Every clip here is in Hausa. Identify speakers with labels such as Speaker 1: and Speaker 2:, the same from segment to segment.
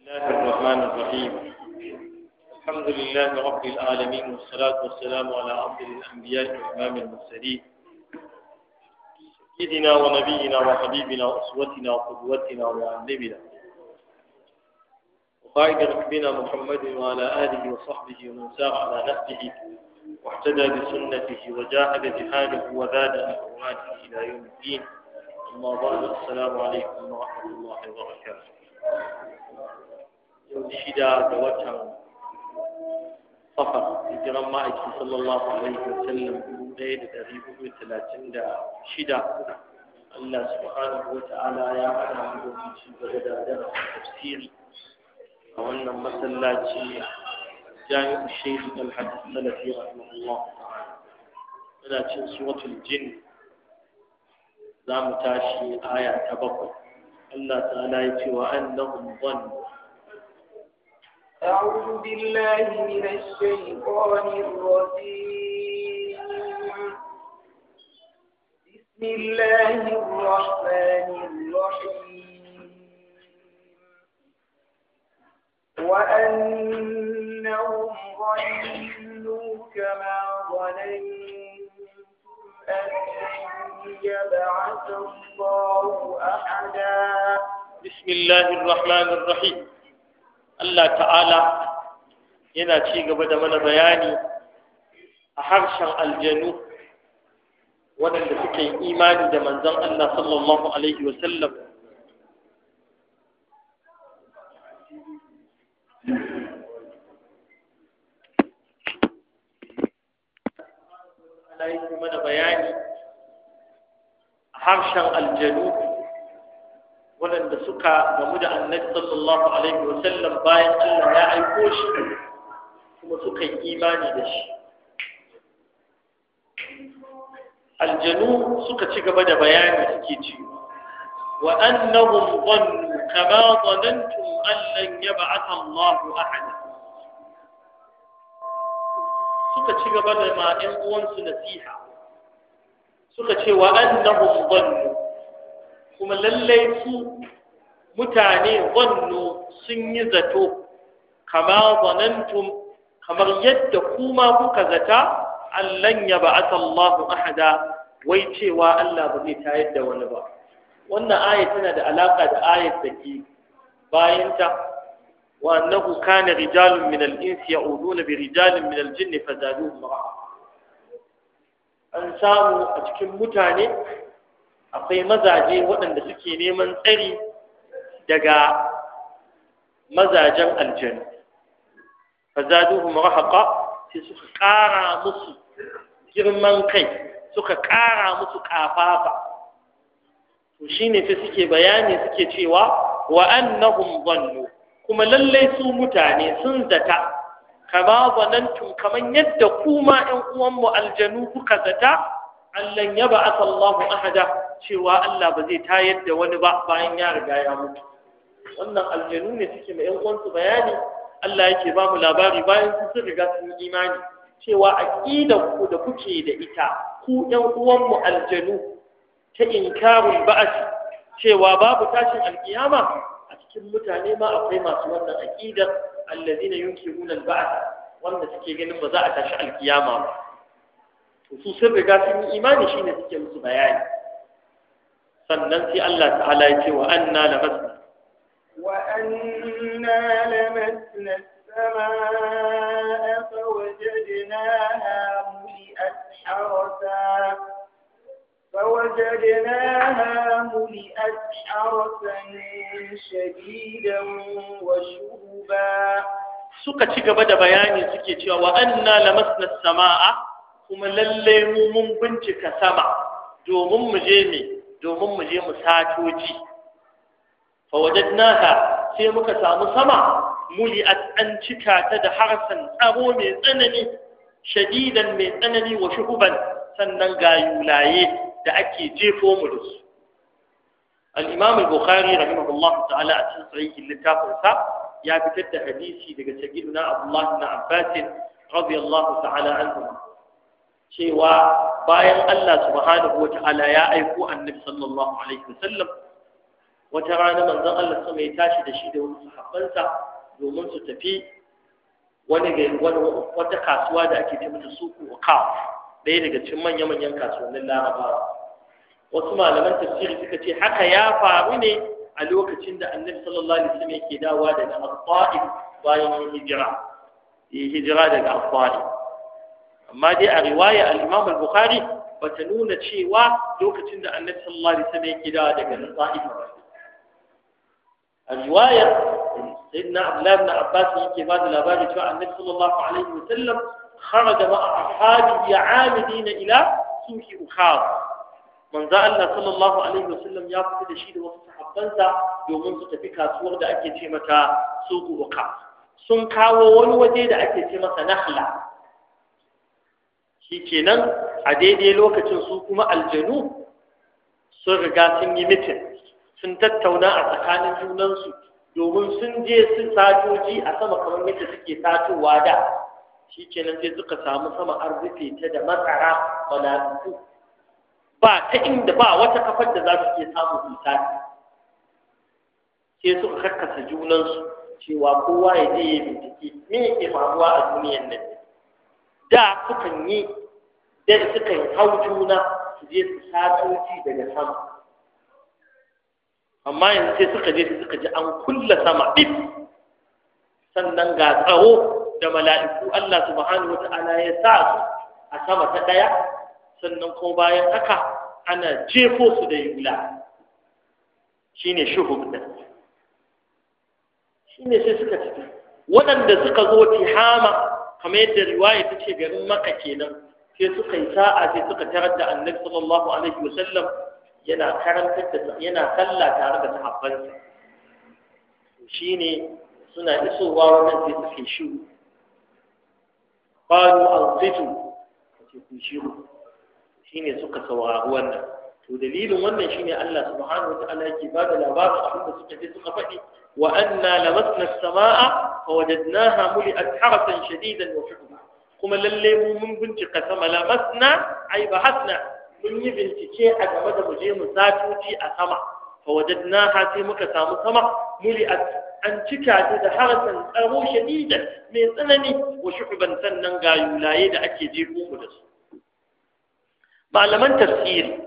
Speaker 1: الله الرحمن الرحيم الحمد لله رب العالمين والصلاة والسلام على أفضل الأنبياء وإمام المرسلين سيدنا ونبينا وحبيبنا وأسوتنا وقدوتنا ومعلمنا وقائد ركبنا محمد وعلى آله وصحبه ومن سار على نهجه واحتدى بسنته وجاهد جهاده وزاد أهواته إلى يوم الدين أما بعد السلام عليكم
Speaker 2: ورحمة الله وبركاته
Speaker 1: يوم شدا دوتهم
Speaker 3: صفر hijiran ma'aiki
Speaker 1: sallallahu alaihi wasallam dubu ɗaya da ɗari hudu talatin da shida Allah subhanahu wa ta'ala ya hana mu domin ci gaba da darasin tafsiri a wannan masallaci jami'u shehu al-hadith salafi rahimahullah ta'ala muna cin suratul jinn za mu tashi aya ta bakwai Allah ta'ala ya ce wa annahum
Speaker 2: أعوذ بالله من الشيطان الرجيم بسم الله الرحمن الرحيم وأنهم ظنوا كما ظننت يبعث الله أحدا
Speaker 3: بسم الله الرحمن الرحيم
Speaker 1: الله تعالى yana ci gaba da mana bayani a harshen aljanu waɗanda suka yi imani da manzon Allah sallallahu alaihi yake mana bayani a harshen aljanu waɗanda suka gamu da annabi sallallahu alaihi wa sallam bayan Allah ya aiko shi kuma suka yi imani da shi aljanu suka ci
Speaker 3: gaba da bayani
Speaker 1: suke cewa وأنهم ظنوا كما ظننتم أن لن يبعث الله أحدا suka ci gaba da ma uwansu nasiha
Speaker 3: suka ce wa annahum dhannu
Speaker 1: kuma lallai su mutane dhannu sun yi zato kama zanantum kamar yadda kuma kuka zata allan ya ba'ata Allahu ahada wai cewa Allah ba zai tayar da wani ba wannan aya tana da alaka da ayat da ke bayanta وأنه كان رجال من الإنس يعودون برجال من الجن فزادوهم رهقا an samu a cikin mutane akwai mazaje waɗanda suke neman tsari daga mazajen aljanu fazaduhum rahaqa sai suka ƙara musu girman kai suka ƙara musu ƙafafa to ne sai suke bayani suke cewa wa annahum kuma lallai su mutane sun zata kama zanantum kaman yadda kuma ƴan uwanmu aljanu kuka zata allan ya ba asa ahada cewa Allah ba zai tayar da wani ba bayan ya riga ya mutu wannan aljanu ne suke ma ƴan uwansu bayani Allah yake ba mu labari bayan su sun riga sun yi imani cewa aqidar ku da kuke da ita ku ƴan uwanmu aljanu ta inkarul ba'ath cewa babu tashin alkiyama cikin mutane ma akwai masu wannan aqidar alladhina yunkiruna al-ba'th wanda suke ganin ba za a tashi alkiyama ba to su sun riga sun yi imani shine suke musu bayani sannan sai Allah ta'ala ya ce wa anna lamasna
Speaker 2: wa anna lamasna as-samaa'a fawajadnaaha ملئت harasa فوجدناها ملئت حرسا شديدا وشهبا suka
Speaker 1: ci gaba da bayani suke cewa wa anna lamasna sama'a kuma lalle mu mun bincika sama domin mu je domin mu je mu sato ji fa wajadnaha sai muka samu sama muli an cika ta da harsan tsaro mai tsanani shadidan mai tsanani wa shuhuban sannan ga yulaye da ake jefo mu da su al-imam al-bukhari rahimahullah ta'ala a cikin sahihin littafinsa ya fitar da hadisi daga sayyidina abdullah ibn abbas radiyallahu ta'ala anhu cewa bayan Allah subhanahu wata'ala ya aiko annabi sallallahu alaihi wasallam wata rana manzon Allah sama ya tashi da shi da wasu sahabbansa domin su tafi wani wata kasuwa da ake ce mata suku wa kaf ɗaya daga cikin manya-manyan kasuwannin larabawa wasu malaman tafsiri suka ce haka ya faru ne a lokacin da annabi sallallahu alaihi wasallam yake dawowa daga al-ta'if bayan yin hijira yi hijira daga al-ta'if amma dai a riwaya al-imam al-bukhari bata nuna cewa lokacin da annabi sallallahu alaihi wasallam yake dawowa daga al ba. a riwaya sayyidina abdullah ibn abbas yake ba da labari cewa annabi sallallahu alaihi wasallam kharaja ma'a ashabihi 'amidina ila suqi ukhara manzo Allah sallallahu alaihi wasallam ya fita da shi da wasu sahabbansa domin su tafi kasuwar da ake ce mata suku waka sun kawo wani waje da ake ce masa nahla shikenan a daidai lokacin su kuma aljanu sun riga sun yi mitin sun tattauna a tsakanin junansu domin sun je su satoji a sama kamar yadda suke satowa da kenan sai suka samu sama an rufe ta da matsara mala'iku ba ta inda ba wata kafar da za su iya samu misali sai suka karkasa junansu cewa kowa ya je ya bincike me yake faruwa a duniyan nan da sukan yi da sukan hau juna su je su satoci daga sama
Speaker 3: amma yanzu sai suka
Speaker 1: je suka ji an kulla sama ɗin sannan ga tsaro da mala'iku Allah subhanahu Ta'ala ya sa su a sama ta ɗaya sannan kuma bayan haka ana jefo su da yula Shi ne shuhub Shi ne sai suka tafi waɗanda suka zo tihama kamar yadda riwaya ta ce garin maka kenan sai suka yi sa'a sai suka tarar da annabi sallallahu alaihi wa sallam yana karantar da yana sallah tare da sahabbansa shine suna isowa wannan sai suke shiru qalu ansitu sai ku shiru shine suka saurari wannan to dalilin wannan shine Allah subhanahu wataala yake ba da labarin abin da suka je suka faɗi wa anna lamasna as-samaa'a fa wajadnaha muli'at harasan shadidan wa shubba kuma lalle mu mun bincika sama lamasna ai bahasna mun yi bincike a game da muje mu zatoci a sama fa wajadnaha sai muka samu sama muli'at an cika ta da harasan tsaro shadidan mai tsanani wa shuhban sannan ga yulaye da ake jefo mu da su malaman tafsiri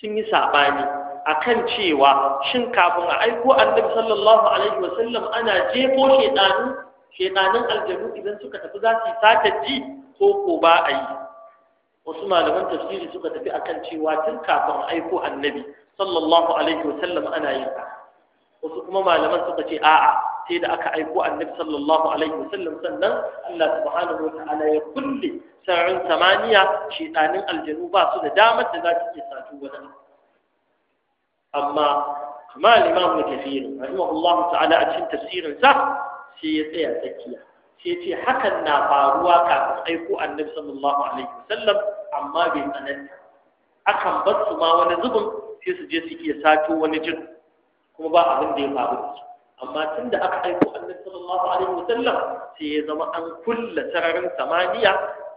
Speaker 1: sun yi saɓani a kan cewa shin kafin a aiko annabi sallallahu alaihi wasallam ana jefo shedanu shedanin aljanu idan suka tafi za su yi sata ji ko ko ba a yi wasu malaman tafsiri suka tafi a kan cewa tun kafin a aiko annabi sallallahu alaihi wasallam ana yin ba. wasu kuma malaman suka ce a'a sai da aka aiko annabi sallallahu alaihi wasallam sannan Allah subhanahu wataala ya kulle sararin samaniya shedanin aljanu ba su da damar da za su iya sato wani amma kuma limamu da kafiru rahimahullah ta'ala a cikin tafsirinsa, sai ya tsaya tsakiya sai ce hakan na faruwa kafin aiko annabi sallallahu alaihi wasallam amma bai tsananta akan bar su ma wani zubin sai su je su iya sato wani jin kuma ba abin da ya faru da su amma tun da aka aiko annabi sallallahu alaihi wasallam sai ya zama an kulla sararin samaniya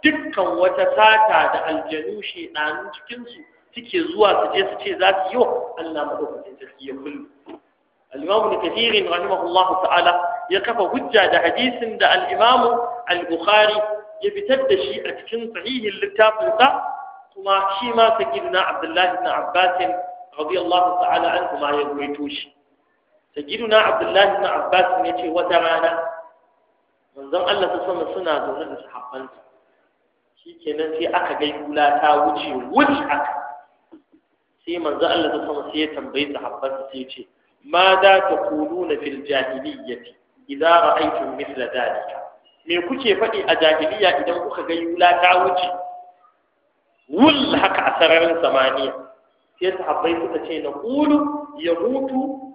Speaker 1: dukkan wata sata da aljanu shedanun cikinsu suke zuwa su je su ce za su yi wa Allah madaukakin sarki ya kullu al-imam ta'ala ya kafa hujja da hadisin da al-imam al-bukhari ya fitar da shi a cikin sahihin littafin sa kuma shi ma sayyidina abdullah ibn abbas radiyallahu ta'ala anhu ma ya ruwaito shi sayyidina abdullah ibn abbas ne ce wata rana manzon Allah ta suna zaune da sahabbansa shikenan sai aka ga yula ta wuce wuce aka sai manzo Allah ta sama sai ya tambayi sahabbansa sai ya ce ma da taquluna fil jahiliyyati idza ra'aytum mithla dhalika me kuke faɗi a jahiliya idan kuka ga yula ta wuce wul haka a sararin samaniya sai sahabbai suka ce na kulu ya hutu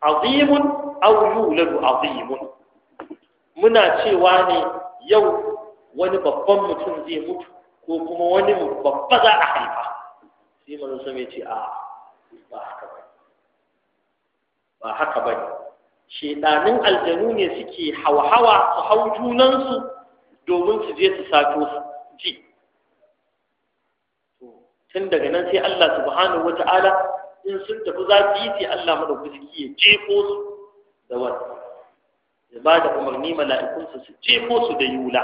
Speaker 1: azimun aw yuladu azimun muna cewa ne yau wani babban mutum zai mutu ko kuma wani babba za a haifa sai manzon sama ya ce a ba haka ba ba haka ba shedanin aljanu ne suke hawa su hau junansu domin su je su sato su ji tun daga nan sai Allah subhanahu wata'ala in sun tafi za su yi sai Allah madaukaki ya jefo su da wani ba da umarni mala'ikunsu su jefo su da yula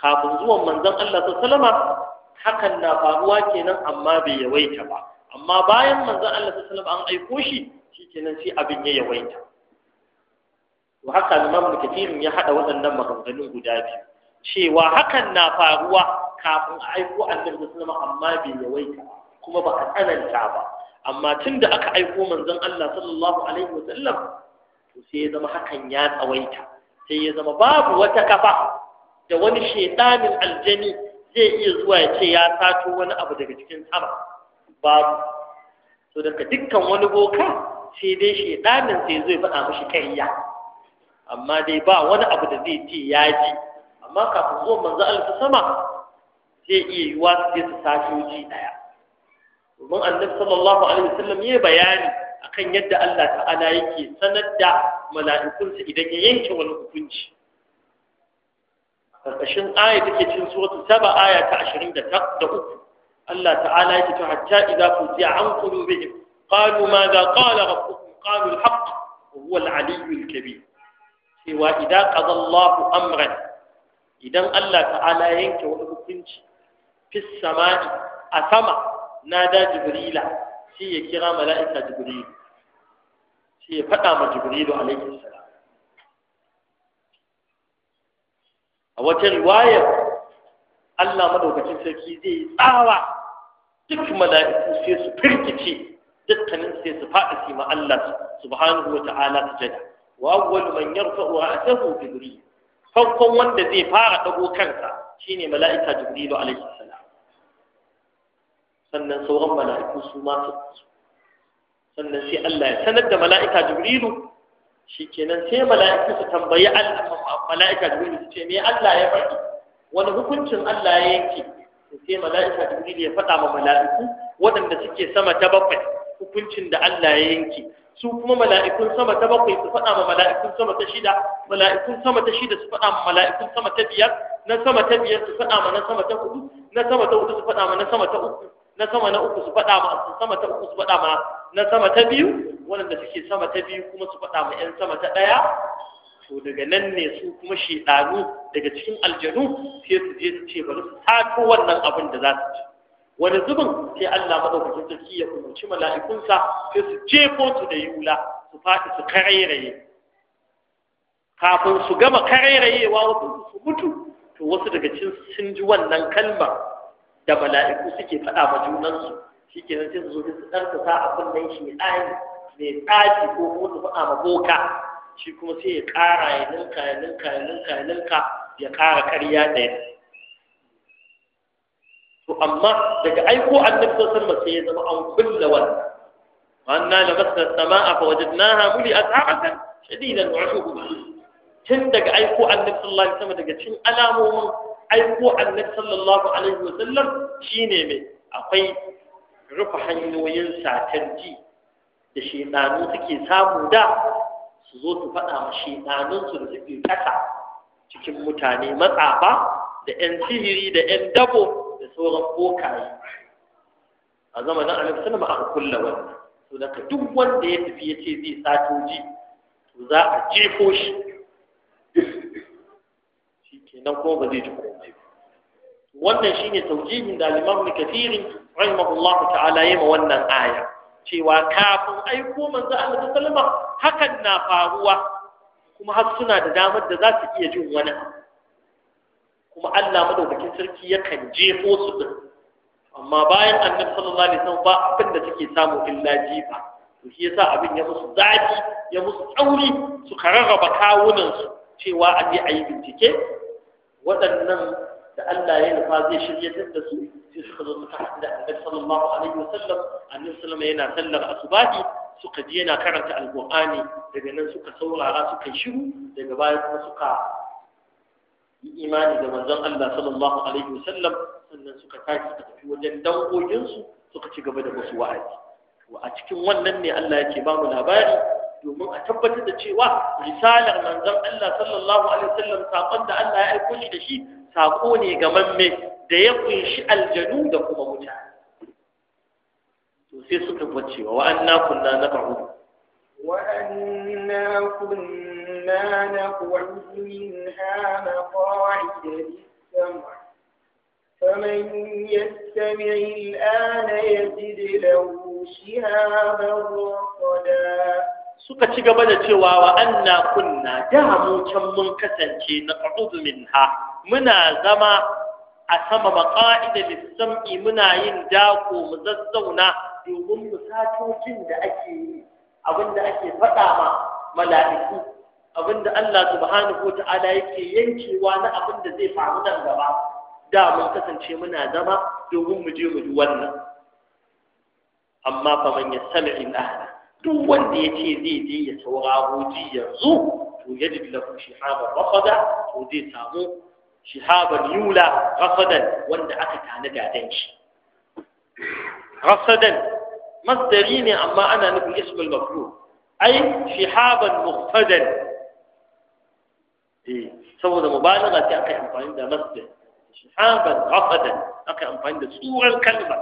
Speaker 1: kafin zuwan manzon Allah sallama hakan na faruwa kenan amma bai yawaita ba amma bayan manzon Allah sallama an aiko shi shikenan sai abin ya yawaita wa haka Imam Kathir ya hada waɗannan maganganun guda biyu cewa hakan na faruwa kafin a aiko annabi sallama amma bai yawaita kuma ba a tsananta ba amma tunda aka aiko manzon Allah sallallahu alaihi sallam, to sai ya zama hakan ya tsawaita sai ya zama babu wata kafa da wani shaidanin aljani zai iya zuwa ya ce ya sato wani abu daga cikin sama babu to daga dukkan wani boka sai dai shaidanin sai zai faɗa mashi kariya amma dai ba wani abu da zai ce ya ji amma kafin zuwa manzo alfa sama zai iya yiwa su je su sato ji daya domin annabi sallallahu alaihi wasallam ya bayani akan yadda Allah ta'ala yake sanar da mala'ikunsa idan ya yanke wani hukunci karkashin aya ke cin suratu saba aya ta 23 Allah ta'ala ya to hatta idza fuzi'a an qulubihim qalu ma za qala rabbukum qalu al-haqq wa huwa al-'aliyyu al-kabir cewa idza qada Allah amran idan Allah ta'ala ya yanke wani hukunci fis sama'i a sama na da jibrila sai ya kira mala'ika jibril sai ya faɗa ma jibrilu alaihi salam a wata riwayar Allah madaukakin sarki zai yi tsawa duk mala'iku sai su firkice dukkanin sai su faɗa su ma Allah subhanahu wata'ala sujada wa awwal man yarfa'u ra'sahu jibril farkon wanda zai fara dago kansa shine mala'ika jibril alaihi salam sannan sauran mala'iku su ma sannan sai Allah ya sanar da mala'ika jibrilu shikenan sai mala'iku su tambayi Allah mala'ika Jibril su ce me Allah ya faɗi wani hukuncin Allah ya yanke sai mala'ika Jibril ya faɗa ma mala'iku waɗanda suke sama ta bakwai hukuncin da Allah ya yanke su kuma mala'ikun sama ta bakwai su faɗa ma mala'ikun sama ta shida mala'ikun sama ta shida su faɗa ma mala'ikun sama ta biyar na sama ta biyar su faɗa ma na sama ta hudu na sama ta hudu su faɗa ma na sama ta uku na sama na uku su faɗa ma sama ta uku su faɗa ma na sama ta biyu waɗanda suke sama ta biyu kuma su faɗa ma 'yan sama ta ɗaya to daga nan ne su kuma shaidanu daga cikin aljanu sai su je su ce bari su taƙo wannan abin da za su ci wani zubin sai Allah madaukakin sarki ya umarci mala'ikunsa sai su jefo su da yula su faɗi su karairaye kafin su gama karairayewa wasu su mutu to wasu daga cikin sun ji wannan kalmar da mala'iku suke faɗa ma junansu shi ke sai su zo su ɗarsa sa abin nan shi ɗani mai ɗaji ko kuma su faɗa ma boka shi kuma sai ya ƙara ya ninka ya ninka ya ninka ya ninka ya ƙara karya da ya to amma daga aiko annabi sallallahu sai ya zama an kulla wannan
Speaker 3: وأنا لمسنا السماء
Speaker 1: فوجدناها ملئت عبثا شديدا وعشوبا tun daga aiko annabi sallallahu alaihi wasallam daga cin alamomin aiko annabi sallallahu alaihi wasallam shine mai akwai rufe hanyoyin satar ji da shaidanu suke samu da su zo su faɗa ma shaidanunsu da suke ƙasa cikin mutane matsafa da 'yan sihiri da 'yan dabo da sauran bokaye a zamanin annabi suna ma'a kulla wannan to daga duk wanda ya tafi ya ce zai sato ji to za a jefo shi shi ke nan kuma ba zai ji komai wannan shine taujihin da al kafirin rahimahullahu ta'ala yi ma wannan aya cewa kafin aiko manzo Allah sallama hakan na faruwa kuma har suna da damar da za su iya jin wani kuma Allah madaukakin sarki yakan jefo su din amma bayan annabi sallallahu alaihi wasallam ba abin da take samu illa jifa to shi yasa abin ya musu zafi ya musu tsauri su kararraba kawunan su cewa a je a yi bincike waɗannan da Allah ya nufa zai shiryatar da su sai suka zo suka da annabi sallallahu alaihi wasallam annabi sallallahu yana sallar asubahi suka ji yana karanta alqur'ani daga nan suka saurara suka shiru daga baya kuma suka yi imani da manzon Allah sallallahu alaihi wasallam sannan suka tashi suka tafi wajen dangoginsu suka ci gaba da musu wa'azi wa a cikin wannan ne Allah yake ba mu labari domin a tabbatar da cewa risalar manzon Allah sallallahu alaihi wasallam sakon da Allah ya aiko shi da shi sako ne ga mamme da ya kunshi aljanu da kuma mutane to sai suka bace wa anna kunna naq'ud
Speaker 2: wa anna kunna minha فمن يستمع الآن يجد له شهابا رصدا suka ci gaba da cewa wa anna
Speaker 1: kunna da can mun kasance na ha. muna zama a ba ƙa'ida sami muna yin dako mu zazzauna domin mu satocin da ake yi abinda ake faɗa ma mala'iku abinda Allah subhanahu wa ta'ala yake yankewa na abinda zai faru nan gaba da mun kasance muna zama domin mu je mu ji wannan amma fa man yastami'u ahla duk wanda yace zai je ya sauraro ji yanzu to yajid lahu shihaba rafada to zai samu shihaban yula rasadan wanda aka tanada dan shi rasadan masdari ne amma ana nufin ismul maflu ai shihaban muqtadan eh saboda mubalagha sai aka yi amfani da masdar shihaban rasadan aka yi amfani da tsurar kalma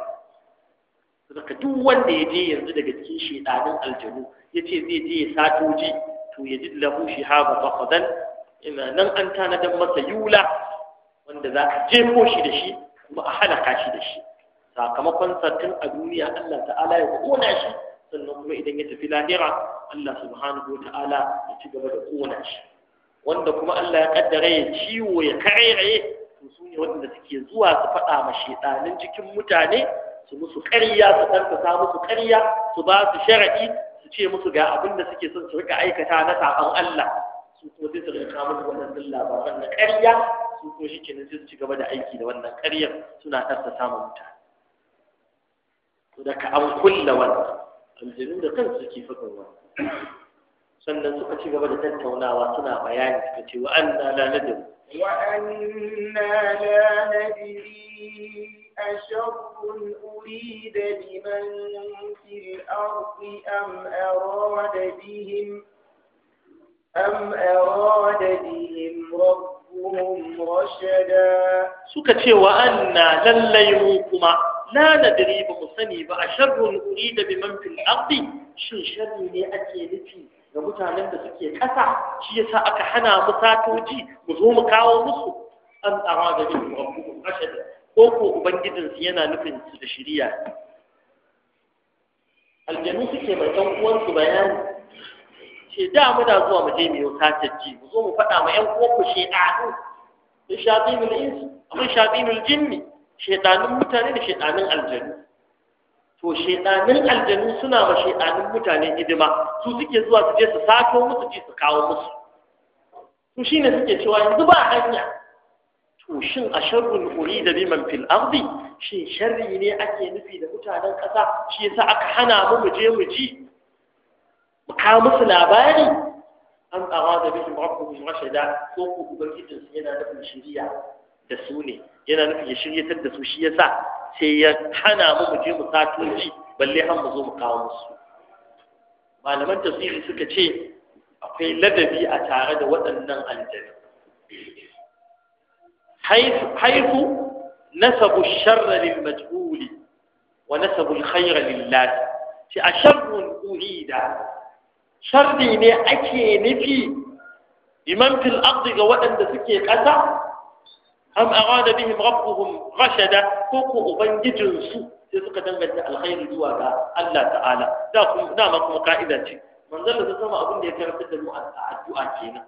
Speaker 1: saboda duk wanda ya je yanzu daga cikin shedanin aljanu ce zai je ya satoji to ya yajid lahu shihaban rasadan ina nan an tanadan masa yula wanda za ka jefo shi da shi kuma a halaka shi da shi sakamakon sattin a duniya Allah ta'ala ya kona shi sannan kuma idan ya tafi lahira Allah subhanahu wa ta'ala ya ci gaba da kona shi wanda kuma Allah ya kaddara ya ciwo ya karairaye to su ne waɗanda suke zuwa su faɗa ma shedanin cikin mutane su musu ƙarya su ɗarfasa musu ƙarya su ba su sharaɗi su ce musu ga abin da suke son su rika aikata na saɓon Allah su kuma sai su rika musu waɗannan labaran na ƙarya su ko shi kenan sai su ci gaba da aiki da wannan ƙaryar suna tasa samun mutane to daga an kulla wannan aljanu da kansu suke faɗin wannan sannan suka ci gaba da tattaunawa suna bayani suka ce wa anna la nadiru
Speaker 2: wa anna la nadiri أشر أريد بمن في الأرض أم أراد بهم أم أراد بهم ربهم suka ce wa anna lallai mu kuma la nadri ba mu sani ba a sharrun urida bi man
Speaker 1: fil ardi shin sharri ne ake nufi ga mutanen da suke kasa shi yasa aka hana mu satoji mu zo mu kawo musu an da bi rabbukum rashada ko ko ubangijin su yana nufin su da shiriya aljanu suke mai dan uwansu bayani ce da muna zuwa mu je mu yi tatacci mu zo mu faɗa ma ƴan shi shaiɗanu in shaɗinul insu amma shaɗinul jinni shaiɗanun mutane da shaiɗanun aljanu to shaiɗanun aljanu suna ma shaiɗanun mutane hidima su suke zuwa su je su sato musu ji su kawo musu to shine suke cewa yanzu ba hanya to shin a sharrun da biman fil ardi shin sharri ne ake nufi da mutanen ƙasa shi yasa aka hana mu mu je mu ji mu labari an tsara da bihim rabbuhum rashada ko ko ubangijin su yana nufin shiriya da su ne yana nufin ya shiryatar da su shi yasa sai ya hana mu mu je mu satoci balle har mu zo mu kawo musu malaman tafsiri suka ce akwai ladabi a tare da waɗannan aljanu haifu nasabu sharra lil majhuli
Speaker 3: wa nasabu al khayra lillah
Speaker 1: shi asharrun urida sharri ne ake nufi biman fil ardi ga waɗanda suke ƙasa am arada bihim rabbuhum rashada ko ko ubangijinsu sai suka danganta alkhairi zuwa ga Allah ta'ala da kuma dama kuma ka'ida ce manzon da zama abin da ya karantar da mu a addu'a kenan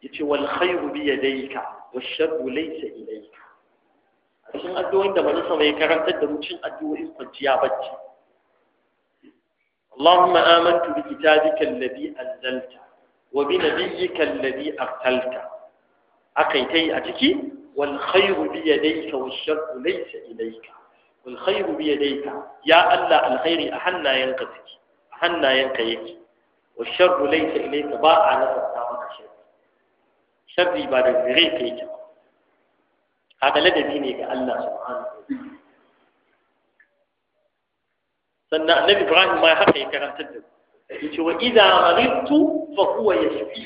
Speaker 1: yace wal khairu bi yadayka wash sharru laysa ilayka
Speaker 3: cikin addu'o'in da manzon sama ya karantar da
Speaker 1: mu cin addu'o'in kwanciya bacci اللهم آمنت بكتابك الذي أنزلت وبنبيك الذي أرسلت أقيتي أتكي والخير بيديك والشر ليس إليك والخير بيديك يا الله الخير أحنا ينقذك أحنا ينقيك والشر ليس إليك باء على
Speaker 3: فتامك شر
Speaker 1: شر بعد ذريك هذا لدى دينك الله سبحانه وتعالى sannan annabi ibrahim ma haka ya karantar da ce wa idza maridtu fa huwa yashfi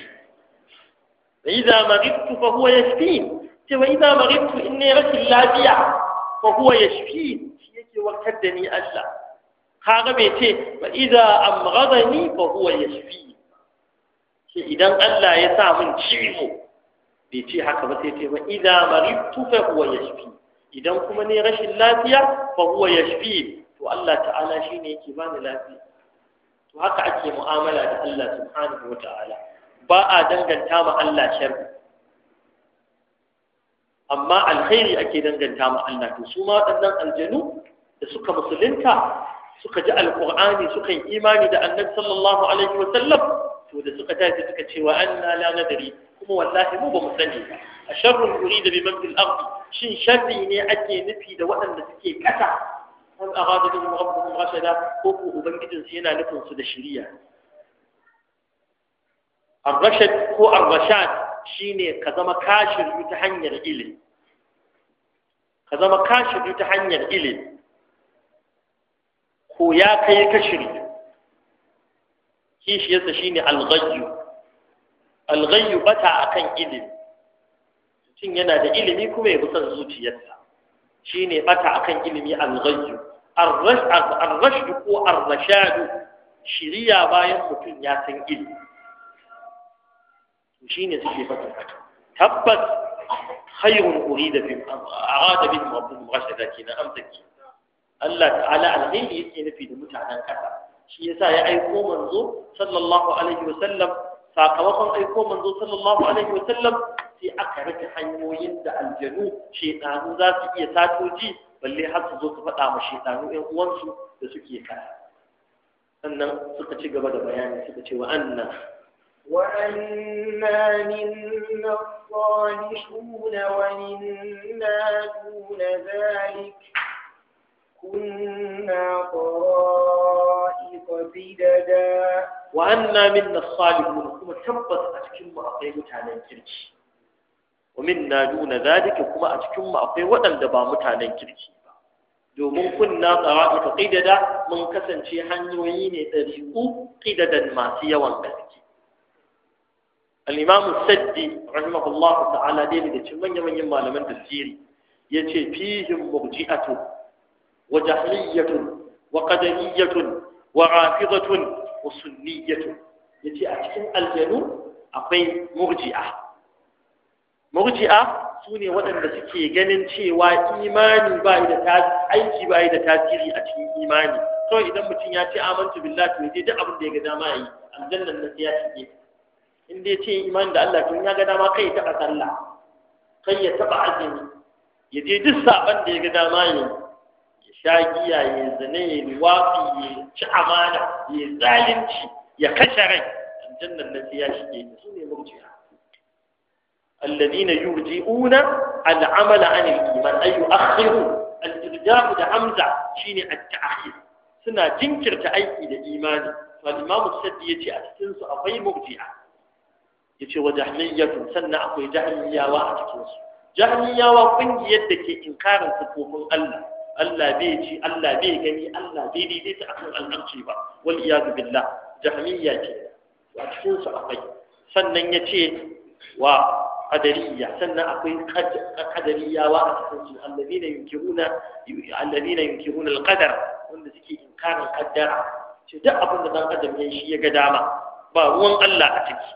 Speaker 1: wa idza maridtu fa huwa yashfi ce wa idza maridtu inni rashin lafiya fa huwa yashfi shi yake warkar da ni Allah kaga bai ce wa idza amghadani fa huwa yashfi ce idan Allah ya sa min ciwo bai ce haka ba sai ce wa idza maridtu fa huwa yashfi idan kuma ne rashin lafiya fa huwa yashfi to Allah ta'ala ne yake bani lafiya to haka ake mu'amala da Allah subhanahu wa ta'ala ba a danganta ma Allah sharri amma alkhairi ake danganta ma Allah to su ma waɗannan aljanu da suka musulunta suka ji alqur'ani suka yi imani da annabi sallallahu alaihi wa sallam to da suka tafi suka ce wa anna la nadri kuma wallahi mu ba mu sani ba asharrun yurida biman fil ard shin sharri ne ake nufi da waɗanda suke kasa am arada bihim rabbuhum rashada ko ko ubangijin su yana nufin su da shiriya
Speaker 3: ar ko ar-rashad
Speaker 1: shine ka zama kashiri ta hanyar ilimi ka zama kashiri ta hanyar ilimi ko ya kai kashiri kishiyarsa shine al-ghayyu al-ghayyu bata akan ilimi mutum yana da ilimi kuma ya bi son zuciyarsa shine bata akan ilimi al-ghayyu ar-rashd ko ar-rashad bayan mutum ya san ilimi Shi ne suke fata tabbas khayrun urida bi arada bi rabbul rashada kina amsaki Allah ta'ala alghairi yake nufi da mutanen kasa shi yasa ya aiko manzo sallallahu alaihi wa wasallam sakamakon aiko manzo sallallahu alaihi wa sallam. sai aka rage hanyoyin da aljanu shedanu za su iya tatoji balle har su zo su faɗa ma shedanu 'yan uwansu da suke kara sannan suka ci gaba da bayani suka ce wa anna
Speaker 2: wa anna minna الصالحون ومنا دون da كنا طرائق بددا وأنا منا
Speaker 1: الصالحون كما تبت أتكلم أقيم mutanen kirki. ومن kuma ذلك كما akwai waɗanda ba mutanen kirki ba, domin kunna tsawa'ika qidada mun kasance hanyoyi ne ɗari'u qidadan masu yawan gaske al-imam saddi rahimahullah ta'ala dai daga cikin manyan manyan malaman tafsiri yace fihim murji'atu wa jahliyatu wa qadariyatu wa rafidatu wa sunniyatu yace a cikin aljanu akwai murji'a murji'a su ne waɗanda suke ganin cewa imani ba da aiki ba da tasiri a cikin imani to idan mutum ya ce amantu billahi to duk abin da ya ga dama yi aljannan nan ya shige in dai ce imani da Allah to ya ga dama kai ta sallah kai ya taba azumi ya je duk saban da ya ga dama yi ya sha giya ya zane ya wafi, ya ci amana ya zalunci ya kashe rai aljannan nan ya shige su ne murji'a الذين يرجئون العمل عن الإيمان أي يؤخرون الإرجاء لحمزة شيني التأخير سنة جنكر تأيكي لإيمان فالإمام السدي يتي أتسنس أبي مرجئة يتي وجهمية سنة أقوي جهمية وأتكنس جهمية وقنجي يدك إنكار سفوف الله الله بيجي الله بيجني الله بيدي ليس أخر الأرشيبة والعياذ بالله جهمية وأتسنس أبي سنة يتي و qadariyya sannan akwai qadariyawa a cikin su alladina yunkiruna alladina yunkiruna alqadar wanda suke inkarin qaddara ce duk abin da dan adam ya shi ya ga dama ba ruwan Allah a ciki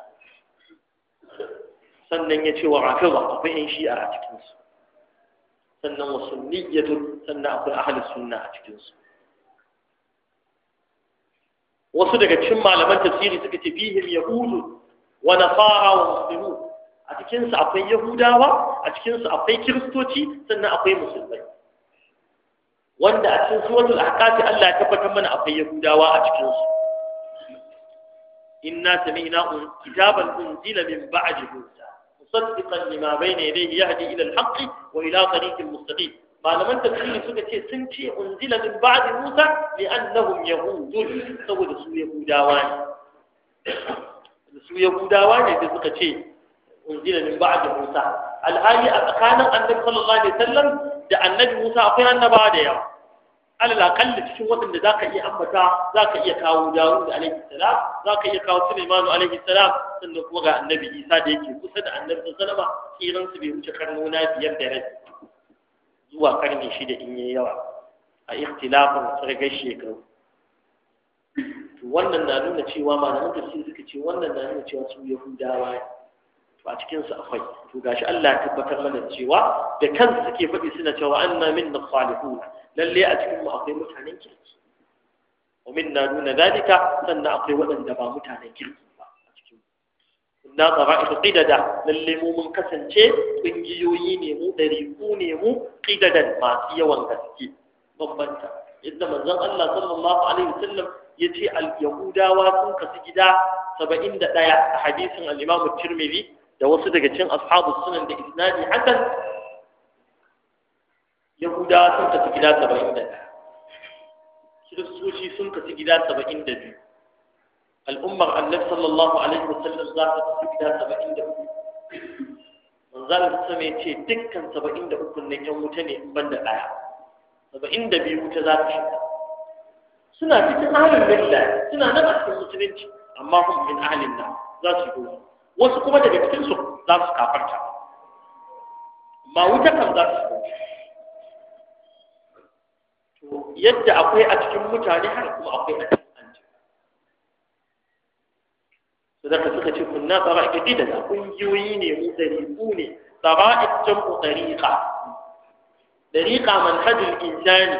Speaker 1: sannan ya ce wa rafida akwai yan shi a cikin su sannan wa sunniyatu sannan akwai ahlus sunna a cikin su wasu daga cikin malaman tafsiri suka ce fihim yahudu wa nasara wa muslimun a cikinsu akwai yahudawa a cikinsu akwai kiristoci sannan akwai musulmai wanda a cikin suratul ahqaf Allah ya tabbatar mana akwai yahudawa a cikinsu inna sami'na kitaban unzila min ba'di musa musaddiqan lima bayna yadayhi yahdi ila al-haqqi wa ila tariqin mustaqim malaman tafsiri suka ce sun ce unzila min ba'di musa li'annahum yahudun saboda su yahudawa ne su yahudawa ne da suka ce unzila min ba'di Musa alhali a tsakanin annabi sallallahu alaihi da annabi Musa akwai annabawa da yawa alal aqalli cikin waɗanda zaka iya ambata zaka iya kawo Dawud alaihi salam zaka iya kawo Sulaiman alaihi sannan kuma ga annabi Isa da yake kusa da annabi sallallahu alaihi wasallam kiran bai wuce karnona biyar da rai zuwa karni shida in yayi yawa a ikhtilafin shekaru wannan na nuna cewa malaman tafsir suka ce wannan na nuna cewa su yahudawa ne ba cikinsu akwai to gashi Allah ya tabbatar mana cewa da kansu suke faɗi suna cewa anna minna salihun lalle a cikin mu akwai mutanen kirki wa minna duna zalika sannan akwai waɗanda ba mutanen kirki ba a cikin kunna qara'itu qidada lalle mu mun kasance kungiyoyi ne mu ku ne mu qidadan masu yawan gaske bambanta yadda manzon Allah sallallahu alaihi wasallam yace al-yahudawa sun kasu gida 71 a hadisin al-Imam Tirmidhi da wasu daga cin ashabu sunan da isnadi hasan yahuda sun tafi gida saba'in da kiristoci sun tafi gida saba'in da biyu al'ummar annabi sallallahu alaihi wa sallam za ta tafi gida saba'in da biyu manzalar sama ya ce dukkan saba'in da uku yan wuta ne ban da ɗaya saba'in da biyu wuta za ta shiga suna cikin ahalin lillah suna nan a cikin musulunci amma kuma min ahalin na za su yi wasu kuma daga cikin su za su kafarta ma wuta kan za su yadda akwai a cikin mutane har kuma akwai a cikin Da sadaka suka ce kunna tsara kadida da kungiyoyi ne mu ku ne tsara ku dariqa dariqa manhajul insani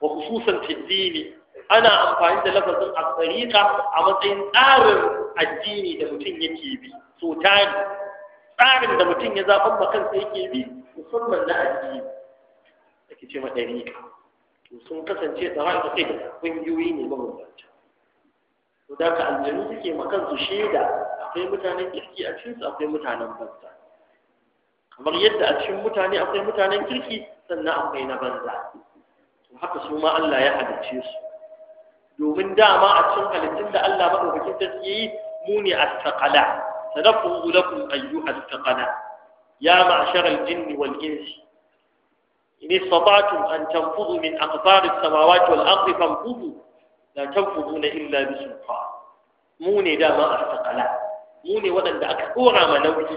Speaker 1: wa khususan fi dini ana amfani da lafazin asariƙa a matsayin tsarin addini da mutum yake bi so tsarin da mutum ya zaɓan ma yake bi musamman na addini da ke ce matsarika to sun kasance tsara da kai ƙungiyoyi ne mabambanta to da ka aljanu suke ma su shaida akwai mutanen kirki a cikinsu akwai mutanen banza kamar yadda a cikin mutane akwai mutanen kirki sannan akwai na banza to haka su ma Allah ya halicce su domin dama a cikin halittun da Allah madaukakin sarki yi mu ne a astaqala sadafu lakum ayyuha astaqala ya ma al-jinni wal insi in istata'tum an tanfudhu min aqtar as-samawati wal ardi fanfudhu la tanfuduna illa bi sultan mu ne dama astaqala mu ne waɗanda aka dora ma nauyi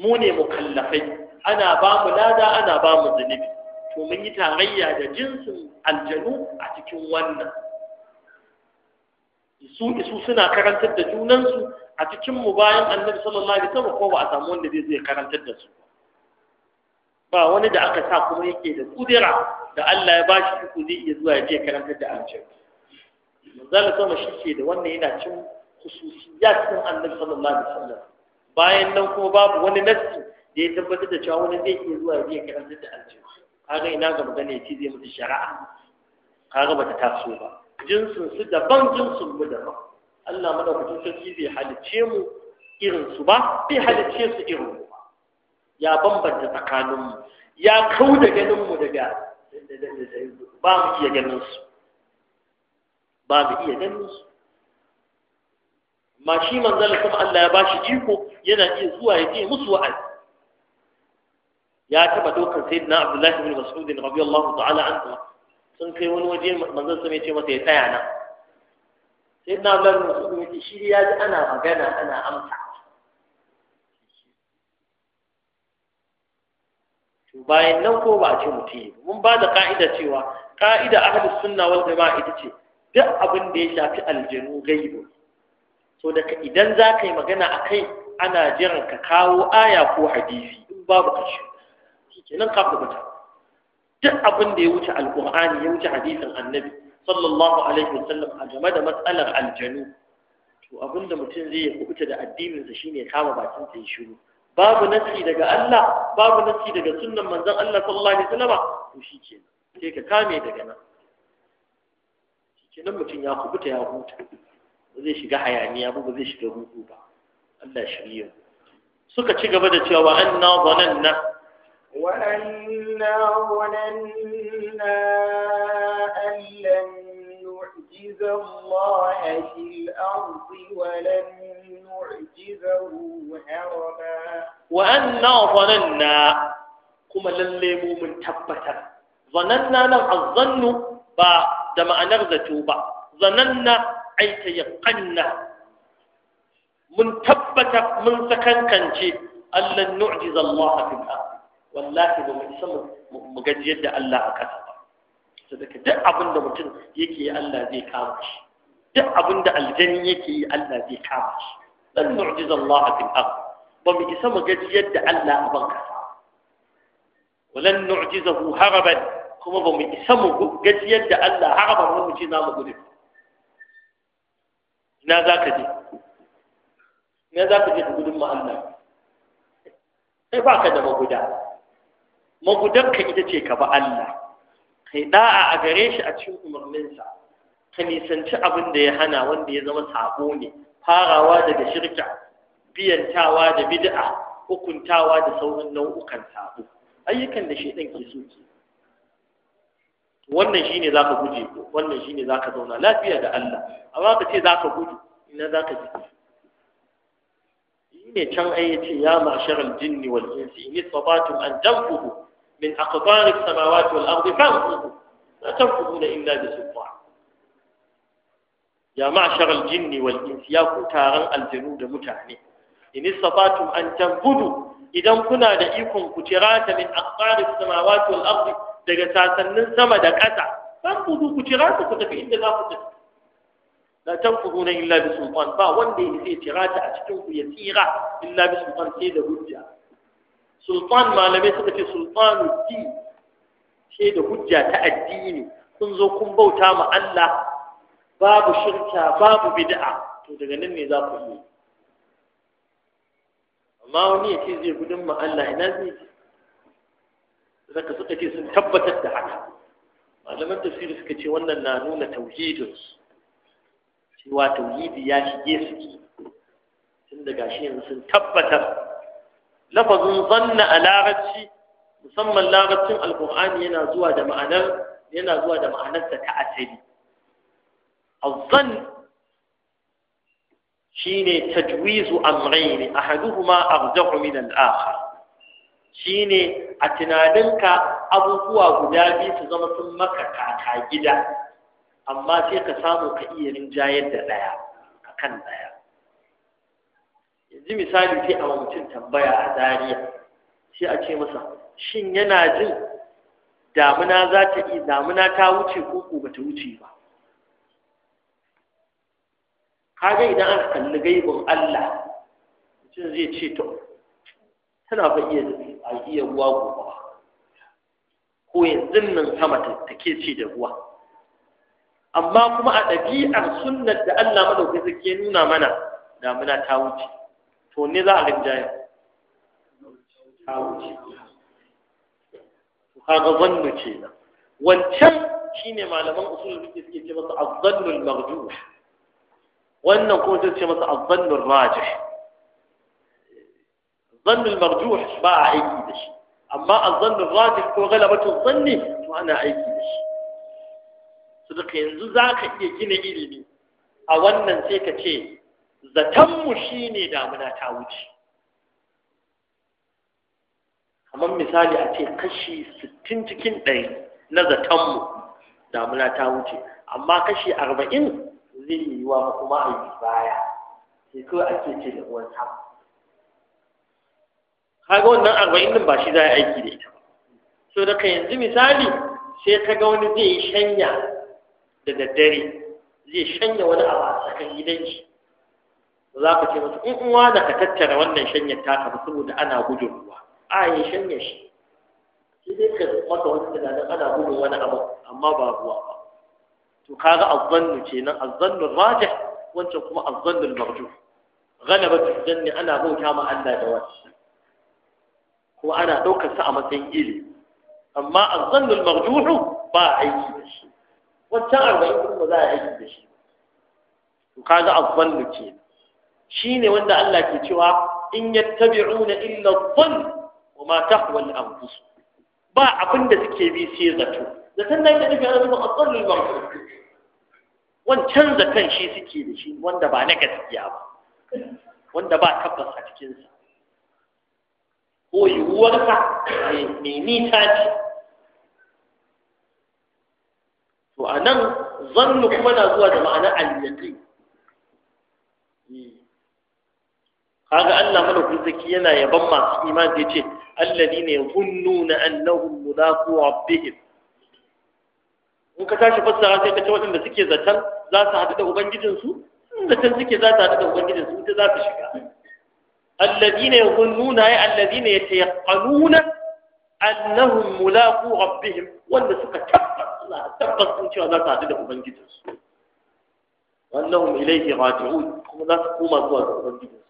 Speaker 1: mu ne mukallafai ana ba mu lada ana ba mu zunubi to mun yi tarayya da jinsin aljanu a cikin wannan su isu suna karantar da junansu a cikin mu bayan annabi sallallahu alaihi wasallam ko ba a samu wanda zai zai karantar da su ba wani da aka sa kuma yake da kudura da Allah ya ba shi ku zai iya zuwa ya je karantar da aljanna manzala sama shi ke da wannan yana cin khususiyat din annabi sallallahu alaihi wasallam bayan nan kuma babu wani nassi da ya tabbatar da cewa wani zai iya zuwa ya je karantar da aljanna kaga ina ga magana ya ci zai mutu shari'a kaga bata taso ba jinsin su daban jinsin mu daban Allah madaukakin sai bai halicce mu irin su ba bai halicce su irin mu ba ya bambanta tsakanin mu ya kau da ganin mu daga ba mu iya ganin su ba mu iya ganin su ma shi manzal kuma Allah ya bashi iko yana iya zuwa ya je musu wa'azi ya taba dokar sayyidina Abdullahi bin Mas'ud radiyallahu ta'ala anhu sun kai wani waje manzon sun ce masa ya tsaya nan sai na ba mu su ce shi ya ji ana magana ana amsa To bayan nan ko ba a ce mutum mun ba da ka'ida cewa ka'ida ahli sunna wal jama'a ita ce duk abin da ya shafi aljanu gaibu so daga idan za ka yi magana a kai ana jiran ka kawo aya ko hadisi in babu kashi kenan ka fita duk abin da ya wuce Alƙur'ani ya wuce hadisin annabi sallallahu alaihi wasallam a game da matsalar aljanu to abin da mutum zai ya kubuta da addininsa shine ya kama bakin sa ya shiru babu nasi daga Allah babu nasi daga sunnan manzon Allah sallallahu alaihi wasallam to shikenan sai ka kame daga nan shikenan mutum ya kubuta ya huta ba zai shiga hayaniya ba ba zai shiga ruhu ba Allah shirye suka ci gaba da cewa anna dhananna
Speaker 2: وأنا ظننا أن لن نعجز الله في الأرض ولن نعجزه هربا
Speaker 3: وأنا ظننا
Speaker 1: كما للي من تبتا ظننا لم الظن با دمع نغزة با ظننا أي تيقنا من تبتا من سكن كنشي أن لن نعجز الله في الأرض wallahi ba mu isa mu gajiyar da Allah a kasa ba sadaka duk abin da mutum yake yi Allah zai kama shi duk abin da aljani yake yi Allah zai kama shi lan nu'jiza Allah fil ard ba mu isa mu gajiyar da Allah a ban kasa walan nu'jizahu haraban kuma ba mu isa mu gajiyar da Allah haraban mu ce za mu gudu ina za ka je ina za ka je da gudun ma Allah sai ba ka da maguda magudanka ita ce ka ba Allah kai da'a a gare shi a cikin umarninsa ka nisanci abin da ya hana wanda ya zama sabo ne farawa daga shirka biyantawa da bid'a hukuntawa da sauran nau'ukan sabo ayyukan da shaidan ke so ke wannan shine zaka guje ko wannan shine zaka zauna lafiya da Allah amma ka ce zaka gudu ina zaka ji ne can ai yace ya ma'sharal jinni wal insi in istabatum an tanfuhu من أقطار السماوات والأرض فانفضوا لا تنفضون إلا بسلطان يا معشر الجن والإنس يا كتارا الجنود متعني إن استطعتم أن تنفذوا إذا كنا لإيكم كترات من أقطار السماوات والأرض دقساسا من سمد كتا فانفذوا كترات فتفي إن لا فتفي لا تنفذون إلا بسلطان فوالذي يسير ترات أشتوك يسيرة إلا بسلطان سيد هجة sultan malamai suka ce sultanu di sai da hujja ta addini sun zo kun bauta ma Allah babu shirka babu bid'a to daga nan ne za ku yi amma wani ya ce zai gudun ma Allah ina zai ji zaka suka ce sun tabbatar da haka malaman tafsiri suka ce wannan na nuna tauhidin cewa tauhidi ya shige su tun daga shi yanzu sun tabbatar lafazin zanna a larabci musamman larabcin alkur'ani yana zuwa da ma'anar yana zuwa da ma'anarsa ta asali azzan shine tajwizu amrayn ahaduhuma arjahu min al-akhar shine a tunaninka abubuwa guda biyu su zama sun maka kaka gida amma sai ka samu ka iya rinjayar da daya akan daya yanzu misali sai a mutum tambaya a zariya sai a ce masa shin yana jin damuna za ta yi damuna ta wuce ko ko ba ta wuce ba kaga idan aka kalli gaibin Allah mutum zai ce to tana ba iya a iya ruwa gobe ko yanzu nan sama take ce da ruwa amma kuma a ɗabi'ar sunnar da Allah madaukakin saki ya nuna mana damuna ta wuce to ne za a rinjaye ka wuce kaga zannu kenan wancan shine malaman usul fiqh suke ce masa az-zannu al wannan kuma sai ce masa az-zannu ar-rajih zannu al-marjuh ba a aiki da shi amma az-zannu ar-rajih ko galabatu az-zanni to ana aiki da shi saboda yanzu ka iya gina ilimi a wannan sai ka ce zatanmu shi ne damuna ta wuce kamar misali a ce kashi sittin cikin ɗari na zatanmu damuna ta wuce amma kashi arba'in zai yi wa kuma a yi baya sai kawai ake ce da ruwan sama kaga wannan arba'in din ba shi za a yi aiki da ita ba so da ka yanzu misali sai ka ga wani zai yi shanya da daddare zai shanya wani abu a tsakan gidan shi ba za ka ce musu in uwa da ka tattara wannan shanyar taka ba saboda ana gudun ruwa a yi shanyar shi shi dai ka maka wani tunanin ana gudun wani abu amma ba ruwa ba to kaga azzannu kenan azzannu rajih wancan kuma azzannu marjuh ghalabatu zanni ana bauta ma Allah da wani kuma ana daukar sa a matsayin ilimi amma azzannu marjuh ba aiki da shi wancan arba'in kuma ba za a aiki da shi to kaga azzannu kenan Shi ne wanda Allah ke cewa in yattabi'una illa na wa ma ta wani abu. ba abinda suke bi sai zato zaton nan da nake nufin adallul marfu wancan zaton shi suke da shi wanda ba na gaskiya ba wanda ba tabbas a cikinsa. ko yiwuwar sa me ni ta ce to a nan zannu kuma na zuwa da ma'anar al-yaqin kaga Allah madaukakin zaki, yana yaban masu imani ya ce alladhina yazunnuna annahum mulaqu rabbihim in ka tashi fassara sai ka ce waɗanda suke zaton za su haɗu da ubangijinsu in zaton suke za su haɗu da ubangijinsu ita za su shiga alladhina yazunnuna ay alladhina yatayaqqanuna annahum mulaqu rabbihim wanda suka
Speaker 3: tabbas suna tabbas sun cewa za
Speaker 1: su haɗu da ubangijinsu annahum ilayhi raji'un kuma za su koma zuwa ga ubangijinsu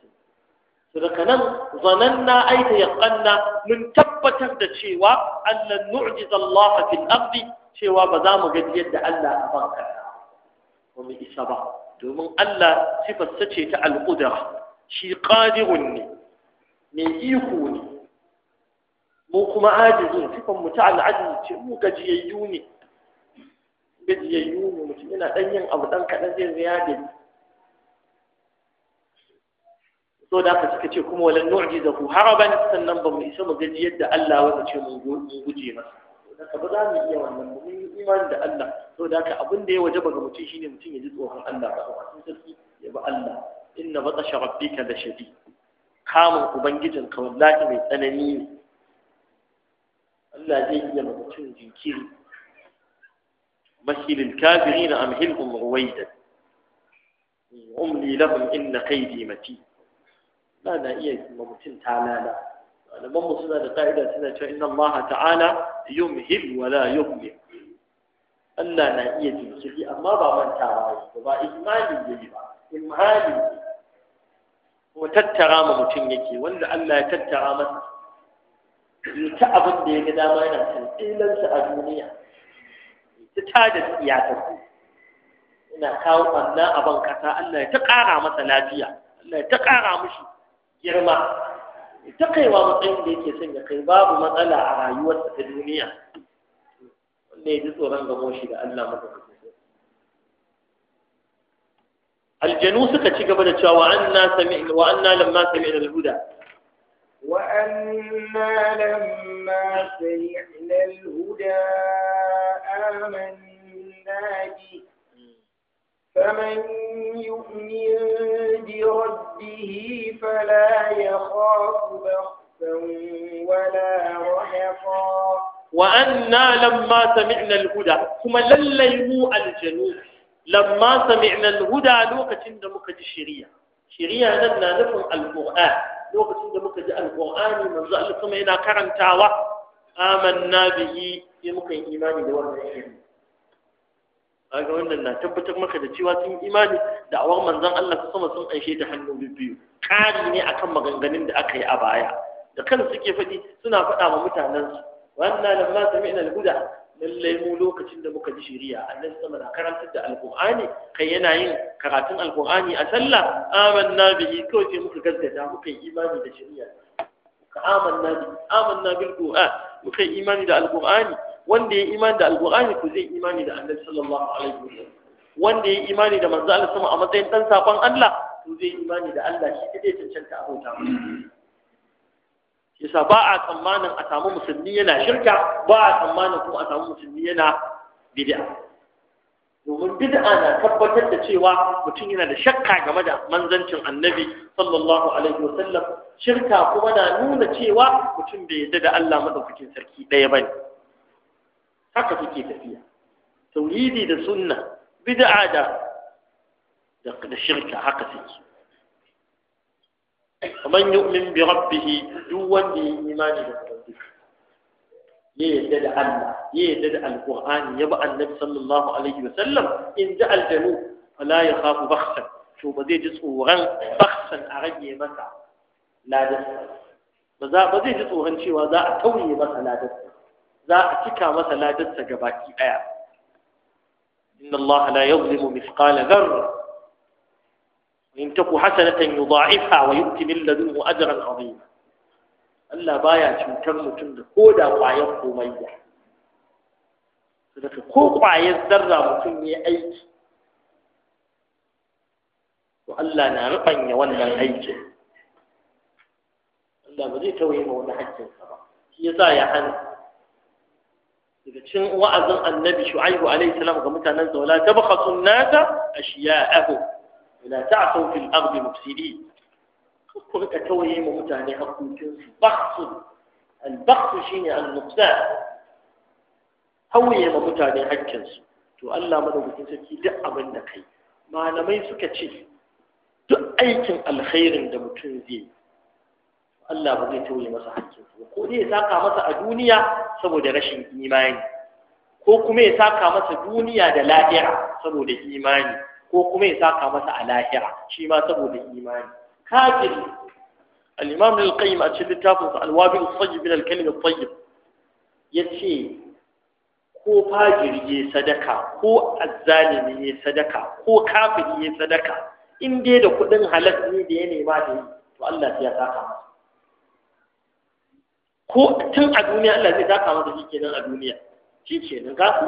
Speaker 1: daga nan zananna ai ta yaqanna mun tabbatar da cewa annan nu'jiz Allah fil ardi cewa ba za mu gaji yadda Allah a ban ba mu isa ba domin Allah sifarsa ce ta al-qudra shi qadirun ne mai iko ne mu kuma ajizun sifan mu ta al ce mu gajiyayyu ne gajiyayyu ne mutum yana dan yin abu dan kadan zai ziyade so da aka suka ce kuma walan nu'jizahu haraban sannan ba mu isa mu gaji yadda Allah wanda ce mun guje masa daga ba za mu iya wannan mu yi imani da Allah so da haka abin da ya waje ba ga mutum shine mutum ya ji tsoron Allah ba wato sarki ya ba Allah inna batasha rabbika la shadid kamun ubangijin ka wallahi mai tsanani ne Allah zai iya mutum jinkiri masilil kafirin amhilhum ruwaidan umli lahum inna kaydi matin la na iya ma mutum talala malaman mu suna da ka'ida suna cewa inna Allah ta'ala yumhil wa la yuhmil Allah na iya jinkiri amma ba mantawa ba ba imani yayi ba ne. ko tattara ma mutum yake wanda Allah ya tattara masa ta abin da ya ga dama yana tantilansa a duniya ta tada siyasar
Speaker 3: ina kawo ɓanna a ban kasa Allah ya ta ƙara masa
Speaker 1: lafiya Allah ya ta ƙara mushi girma ta kaiwa matsayin da yake son ya kai babu matsala a rayuwarsa ta duniya wanda ya ji tsoron gamo shi da Allah madaukakin aljanu suka ci gaba da cewa wa anna sami'na wa anna lamma sami'na al-huda
Speaker 2: wa anna lamma sami'na al-huda amanna bihi فمن يؤمن بربه فلا يخاف بخسا ولا رهقا وأنا لما سمعنا
Speaker 1: الهدى ثم لليمو الجنوب لما سمعنا الهدى لوقة دمك الشريعة شريعة لنا نفهم القرآن لوقة دمك القرآن من ذلك إلى كرم كرمتاوة آمنا به يمكن إيمان دوام الشريعة kaga wannan na tabbatar maka da cewa sun imani da awar manzon Allah ta sun aishe ta hannu biyu kari ne akan maganganun da aka yi a baya da kan suke faɗi suna faɗa wa mutanen su wannan lamma sami'na al-huda lallai mu lokacin da muka ji shari'a annabi sama na karantar da alqur'ani kai yana yin karatun alqur'ani a sallah amanna bihi kawai sai muka gaskata muka yi imani da shari'a amanna bi amanna bil qur'an muka yi imani da alqur'ani wanda ya imani da alqur'ani ku zai imani da annabi sallallahu alaihi wasallam wanda ya imani da manzo Allah sama a matsayin dan safan Allah to zai imani da Allah shi kadai cancanta abota yasa ba a tsammanin a samu musulmi yana shirka ba a tsammanin kuma a samu musulmi yana bid'a domin bid'a na tabbatar da cewa mutum yana da shakka game da manzancin annabi sallallahu alaihi wasallam shirka kuma na nuna cewa mutum bai yarda da Allah madaukakin sarki ɗaya bane haka suke tafiya tauridi da sunna bid'a da da shirka haka suke man yu'min bi rabbihi duk wanda ya imani da ya yadda da Allah ya yadda da alqur'ani ya ba annabi sallallahu alaihi wa sallam in ja'al janu fala yakhafu bakhsan to ba zai ji tsoron bakhsan a rage masa ladan ba zai ji tsoron cewa za a tauye masa ladan za a cika masa ladarsa gabaki daya inna allaha la yuzlimu mithqala dharr wa in taku hasanatan yudha'ifha wa yu'ti min ladunhu ajran 'azima Allah baya cutar mutum da koda kwayar komayya daga ko kwayar zarra mutum ya aiki to Allah na rubanya wannan aikin Allah ba zai tawaye ma wani hakkinsa ba shi yasa ya hana daga cin wa'azin annabi shu'aibu alaihi salam ga mutanen sa wala tabkhasu an-nasa ashiya'ahu wala ta'thu fil ardi mufsidi ku rika tawaye mu mutane hakokin su baksu al-baksu shine al-nuqsan hawaye ma mutane hakkin su to Allah madaukakin sarki duk abin da kai malamai suka ce duk aikin alkhairin da mutum zai Allah ba zai tauye masa hakkin su. ko zai saka masa a duniya saboda rashin imani ko kuma ya saka masa duniya da lahira saboda imani ko kuma ya saka masa a lahira shi ma saboda imani kafiri al-imam al-qayyim a cikin littafin sa al-wabi al-tayyib min al-kalim al-tayyib yace ko fajiri ya sadaka ko azzalimi ya sadaka ko kafiri ya sadaka in dai da kudin halal ne da ya nema da yi to Allah ya saka masa ko tun a duniya Allah zai taka masa shi kenan a duniya shi kenan ga su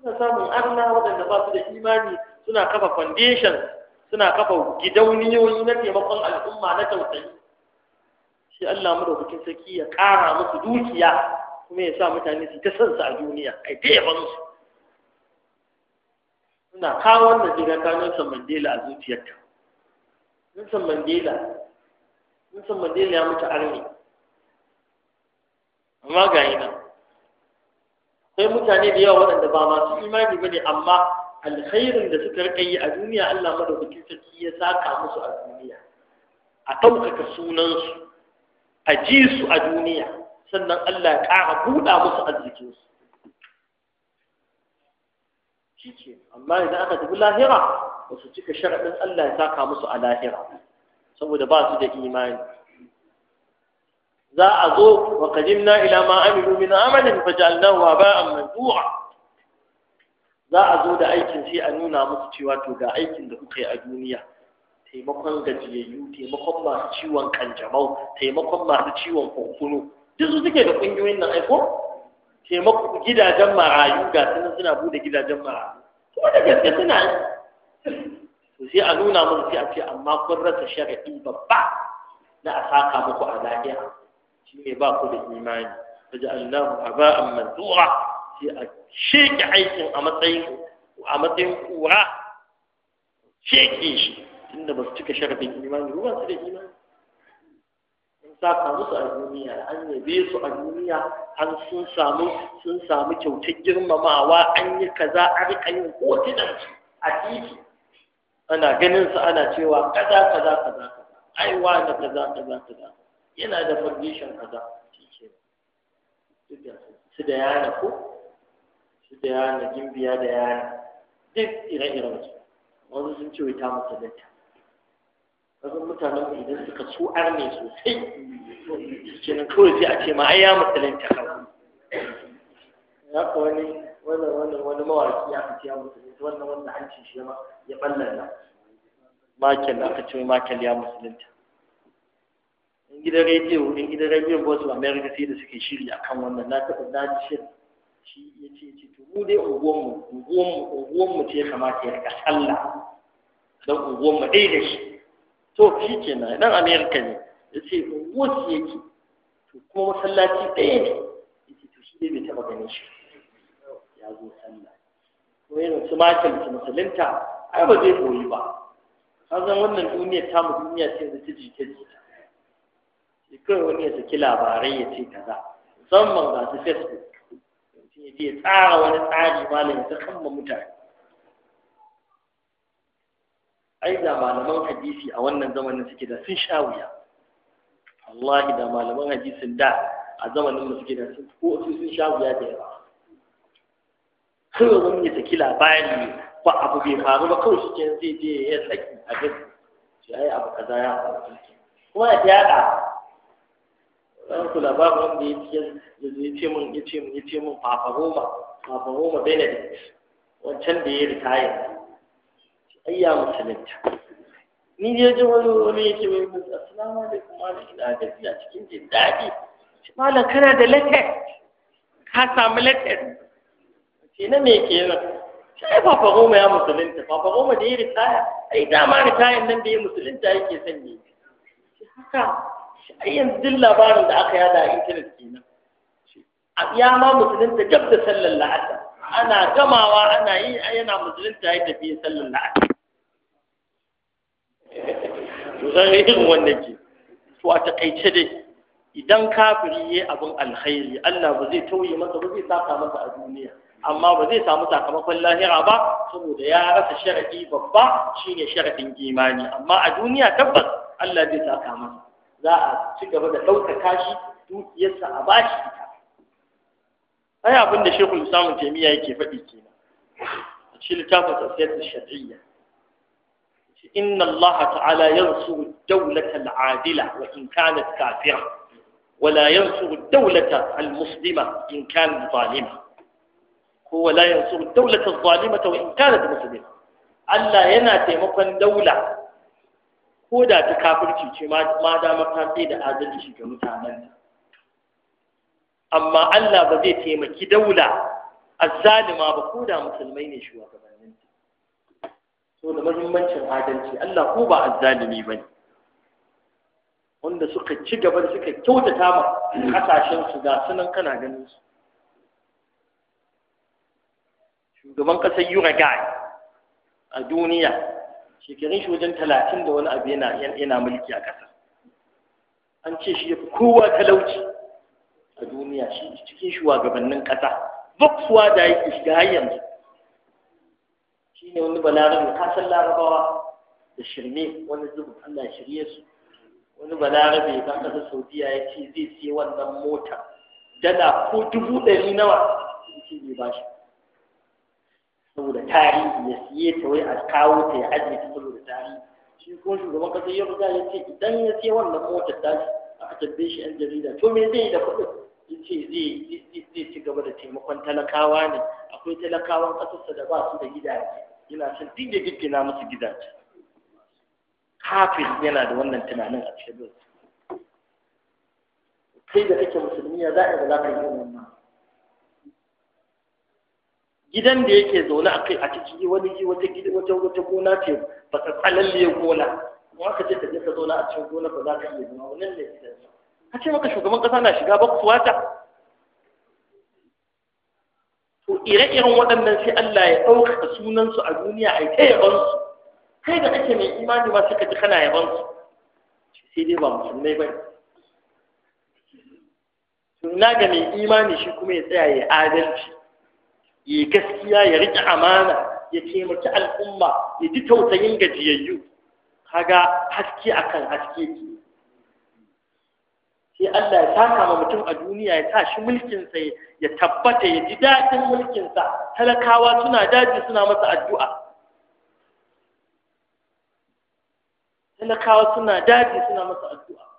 Speaker 1: kana samun Allah waɗanda ba su da imani suna kafa foundation suna kafa gidauniyoyi na taimakon al'umma na tausayi shi Allah madaukakin saki ya ƙara musu dukiya kuma ya sa mutane su ta san su a duniya ai ta yaban su suna kawo wannan jiga ta san Mandela a zuciyarta Nelson Mandela Nelson Mandela ya mutu arni amma ga yi nan sai mutane da yawa waɗanda ba masu imani ba ne amma alkhairin da suka rika yi a duniya Allah madaukakin sarki ya saka musu a duniya a ɗaukaka sunansu a ji su a duniya sannan Allah ya ƙara buɗa musu arzikinsu shi amma idan aka tafi lahira ba su cika sharaɗin Allah ya saka musu a lahira saboda ba su da imani za a zo wa qadimna ila ma amilu min amalin ba haba'an manthura za a zo da aikin sai a nuna musu cewa to ga aikin da kuka yi a duniya taimakon gajiyayyu taimakon masu ciwon kanjamau taimakon masu ciwon kunkuno duk su suke da ƙungiyoyin nan aiko taimakon gidajen marayu ga su suna bude gidajen marayu Ko da gaske suna yi to sai a nuna musu sai a ce amma kun rasa sharaɗi babba na a saka muku a lahira shine ba ku da imani faj'alnahu haba'an mansura sai a sheke aikin a matsayin a matsayin kura sheke shi tunda ba su cika sharafin imani ruwan su da imani an saka musu a duniya an yabe su a duniya an sun samu sun samu kyautar girmamawa an yi kaza a rika yin hotunan su a titi ana ganin su ana cewa kaza kaza kaza kaza ai wani kaza kaza kaza yana da foundation kaza shi ke su da yana ko su da yana gimbiya da yana duk ire-iren su wanzu sun ce ta musulunta kasan mutanen idan suka so arne sosai
Speaker 3: nan kawai sai a ce ma ai ya musulunta
Speaker 1: kawai ya ka wani wani wani mawaki ya fi ya musulunta wannan wannan hancin shi ya Makin makel aka ce makel ya musulunta in gidan rediyo in gidan rediyon voice of america sai da suke shiri akan wannan na taɓa na ji shi shi ya ce ce to mu dai unguwanmu unguwanmu unguwanmu ce kamata ya rika sallah don unguwanmu ɗaya da shi to shi kenan ɗan america ne ya ce unguwarsu yake to kuma masallaci ɗaya ne ya ce to shi dai bai taɓa ganin shi ya zo sallah ko irin su makin su musulunta ai ba zai koyi ba ka san wannan duniyar tamu duniya ce da ta jita jita shi kawai wani ya saki labarai ya ce kaza musamman ga su facebook mutum ya ce tsara wani tsari malam ya kama mutane ai da malaman hadisi a wannan zamanin suke da sun sha wuya wallahi da malaman hadisin da a zamanin mu suke da sun ko su sun sha wuya da yawa kawai wani ya saki ne ba abu bai faru ba kawai shi zai je ya saki a gaske shi ai abu kaza ya faru kuma ya yada. ɗan kula ba wanda ya ce mun ya ce mun ya ce min papa roma papa roma benedict wancan da ya ritaya ayya musulunta ni je ji wani wani ya ce mai mutu assalamu alaikum da ina tafiya cikin jin daɗi malam kana da latex ka samu latex ce na me kenan sai papa roma ya musulunta papa roma da ya ritaya ai dama ritayan nan da ya musulunta yake son ne haka shi yanzu duk labarin da aka yada a intanet kenan ya ma musulunta gab da sallar la'asar ana gamawa ana yi yana musulunta ya tafi sallar la'asar to yi irin wannan ke to a taƙaice dai idan kafiri yayi abin alkhairi Allah ba zai tauye masa ba zai saka masa a duniya amma ba zai samu sakamakon lahira ba saboda ya rasa sharadi babba shine sharadin imani amma a duniya tabbas Allah zai saka masa za a ci gaba da ɗaukaka shi dukiyarsa a bashi ita ai abin da shekul samun taimiyya yake faɗi kenan a cikin littafin tafsir shar'iyya إن الله تعالى ينصر الدولة العادلة وإن كانت كافرة ولا ينصر الدولة المسلمة إن كانت ظالمة هو لا ينصر الدولة الظالمة وإن كانت مسلمة ألا يناتي مقن دولة ko da ta kafirci ce ma da mafafi da adalci ga mutanen amma Allah ba zai taimaki daula azzalima ba ko da musulmai ne shugabannin ta so da muhimmancin adalci Allah ko ba azzalimi ba ne wanda suka ci gaba suka kyautata ma kasashen su ga sunan kana ganin su shugaban kasar Uruguay a duniya shekarun shi wajen talatin da wani abu yana mulki a ƙasa an ce shi ya fi kowa talauci a duniya shi cikin shugabannin ƙasa baksuwa da yake shiga har yanzu shi ne wani balarabe kasan larabawa da shirme wani zubin allah shirye su wani balarabe ba kasar saudiya ya ce zai siya wannan mota dala ko dubu ɗari nawa shi ce zai ba shi saboda tarihi ya siye ta wai a kawo ta ya ajiye ta saboda tarihi shi ko shugaban kasa ya riga ya ce idan ya ce wannan motar ta aka tabbe shi yan jarida to me zai da kuɗin ya ce zai ci gaba da taimakon talakawa ne akwai talakawan ƙasarsa da ba su da gidaje yana son duk da giggina musu gidaje kafin yana da wannan tunanin a cikin kai da kake musulmi ya za a yi da za ka yi wannan gidan da yake zaune a kai a ciki wani wata wata wata gona ce ba ta tsalalle gona kuma aka ce ka je ka zauna a cikin gona ba za ka iya zama wannan ne gidan
Speaker 3: ka ce maka shugaban
Speaker 1: kasa na shiga ba kuwa ta to ire-iren waɗannan sai Allah ya ɗaukaka sunansu a duniya a yi ta yaban su kai da kake mai imani ma sai ka ji kana yaban su sai dai ba musulmai ba
Speaker 3: ne na ga mai
Speaker 1: imani shi kuma ya tsaya ya adalci ya gaskiya ya riƙe amana ya taimaki al'umma ya ji tausayin gajiyayyu kaga haske akan haske ke sai Allah ya saka ma mutum a duniya ya tashi shi mulkinsa ya tabbata ya ji daɗin mulkinsa talakawa suna daji suna masa addu'a talakawa suna daji suna masa
Speaker 3: addu'a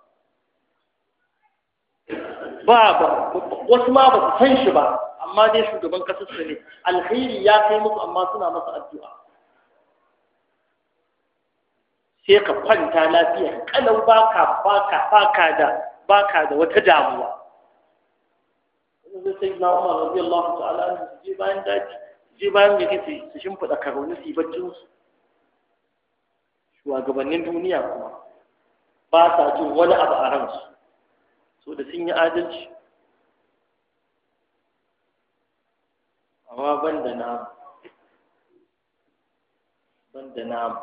Speaker 3: ba ba, wasu ma ba su san shi ba amma dai
Speaker 1: shugaban kasar su ne alkhairi ya kai musu amma suna masa addu'a sai ka kwanta lafiya kalau baka baka baka da baka da wata damuwa wanda sai na Umar radiyallahu ta'ala an je bayan daji je bayan ya kace su shimfida karoni su baccin su shugabannin duniya kuma ba sa jin wani abu a ransu so da sun yi adalci amma ban da namu ban da namu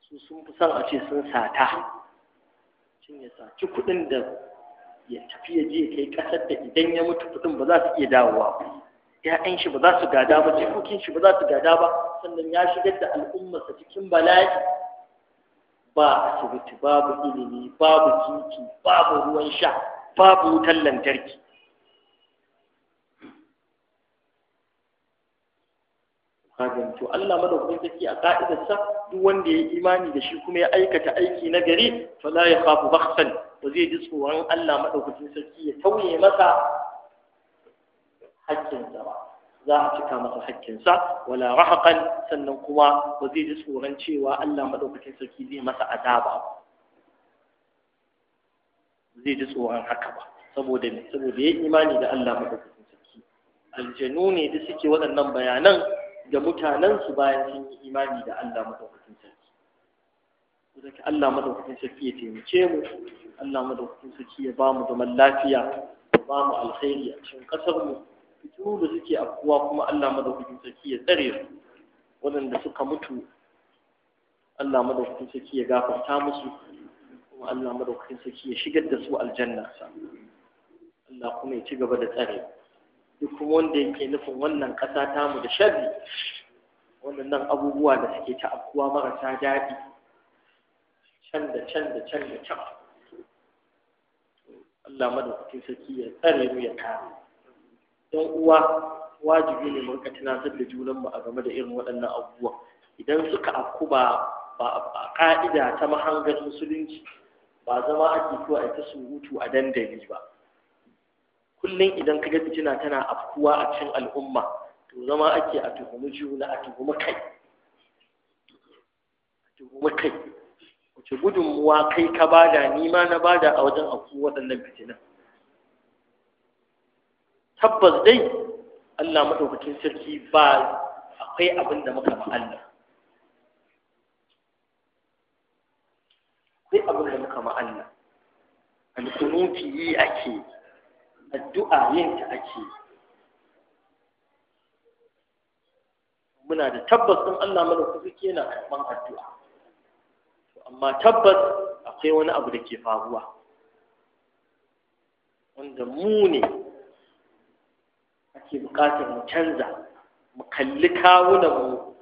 Speaker 1: su sun fi son a ce sun sata cin ya saci kuɗin da ya tafi ya je kai ƙasar da idan ya mutu kuɗin ba za su iya dawowa ba ya'yan shi ba za su gada ba jikokin shi ba za su gada ba sannan ya shigar da al'ummarsa cikin bala'i ba asibiti babu ilimi babu titi babu ruwan sha babu wutar lantarki to Allah madaukakin sarki a ka'idarsa duk wanda ya yi imani da shi kuma ya aikata aiki na gari fala ya khafu bakhsan ba zai ji tsoron Allah madaukakin sarki ya tauye masa hakkin ba za a cika masa hakkinsa wala rahaqan sannan kuma ba zai ji tsoron cewa Allah madaukakin sarki zai masa azaba zai ji tsoron haka ba saboda me saboda yayin imani da Allah madaukakin sarki aljanu ne da suke waɗannan bayanan da mutanen su bayan sun yi imani da Allah madaukakin sarki saboda Allah madaukakin sarki ya taimake mu Allah madaukakin sarki ya ba mu zaman lafiya ya ba mu alkhairi a cikin ƙasar mu da suke afkuwa kuma Allah madaukakin sarki ya tsare su waɗanda suka mutu Allah madaukakin sarki ya gafarta musu kuma Allah madaukakin sarki ya shigar da su aljanna Allah kuma ya ci gaba da tsare duk kuma wanda yake nufin wannan ƙasa tamu da sharri waɗannan abubuwa da suke ta afkuwa marasa daɗi can da can da can da can Allah madaukakin sarki ya tsare mu ya kare ɗan uwa wajibi ne mun ka tunatar da junanmu a game da irin waɗannan abubuwa idan suka afku ba a ƙa'ida ta mahangar musulunci ba zama ake so a ta surutu a dandali ba kullum idan ka kaga fitina tana afkuwa a cikin al'umma to zama ake a tuhumi juna a tuhumi kai a tuhumi kai wace gudunmuwa kai ka bada ni ma na bada a wajen afkuwa waɗannan fitinan tabbas dai Allah madaukakin sarki ba akwai abin da muka ma'alla. akwai abin da muka ma'alla, alkunuti yi ake addu'a yin ta ake muna da tabbas din Allah madaukakin sarki yana karban addu'a amma tabbas akwai wani abu da ke faruwa wanda mu ne ake bukatar mu canza mu kalli kawunan mu mu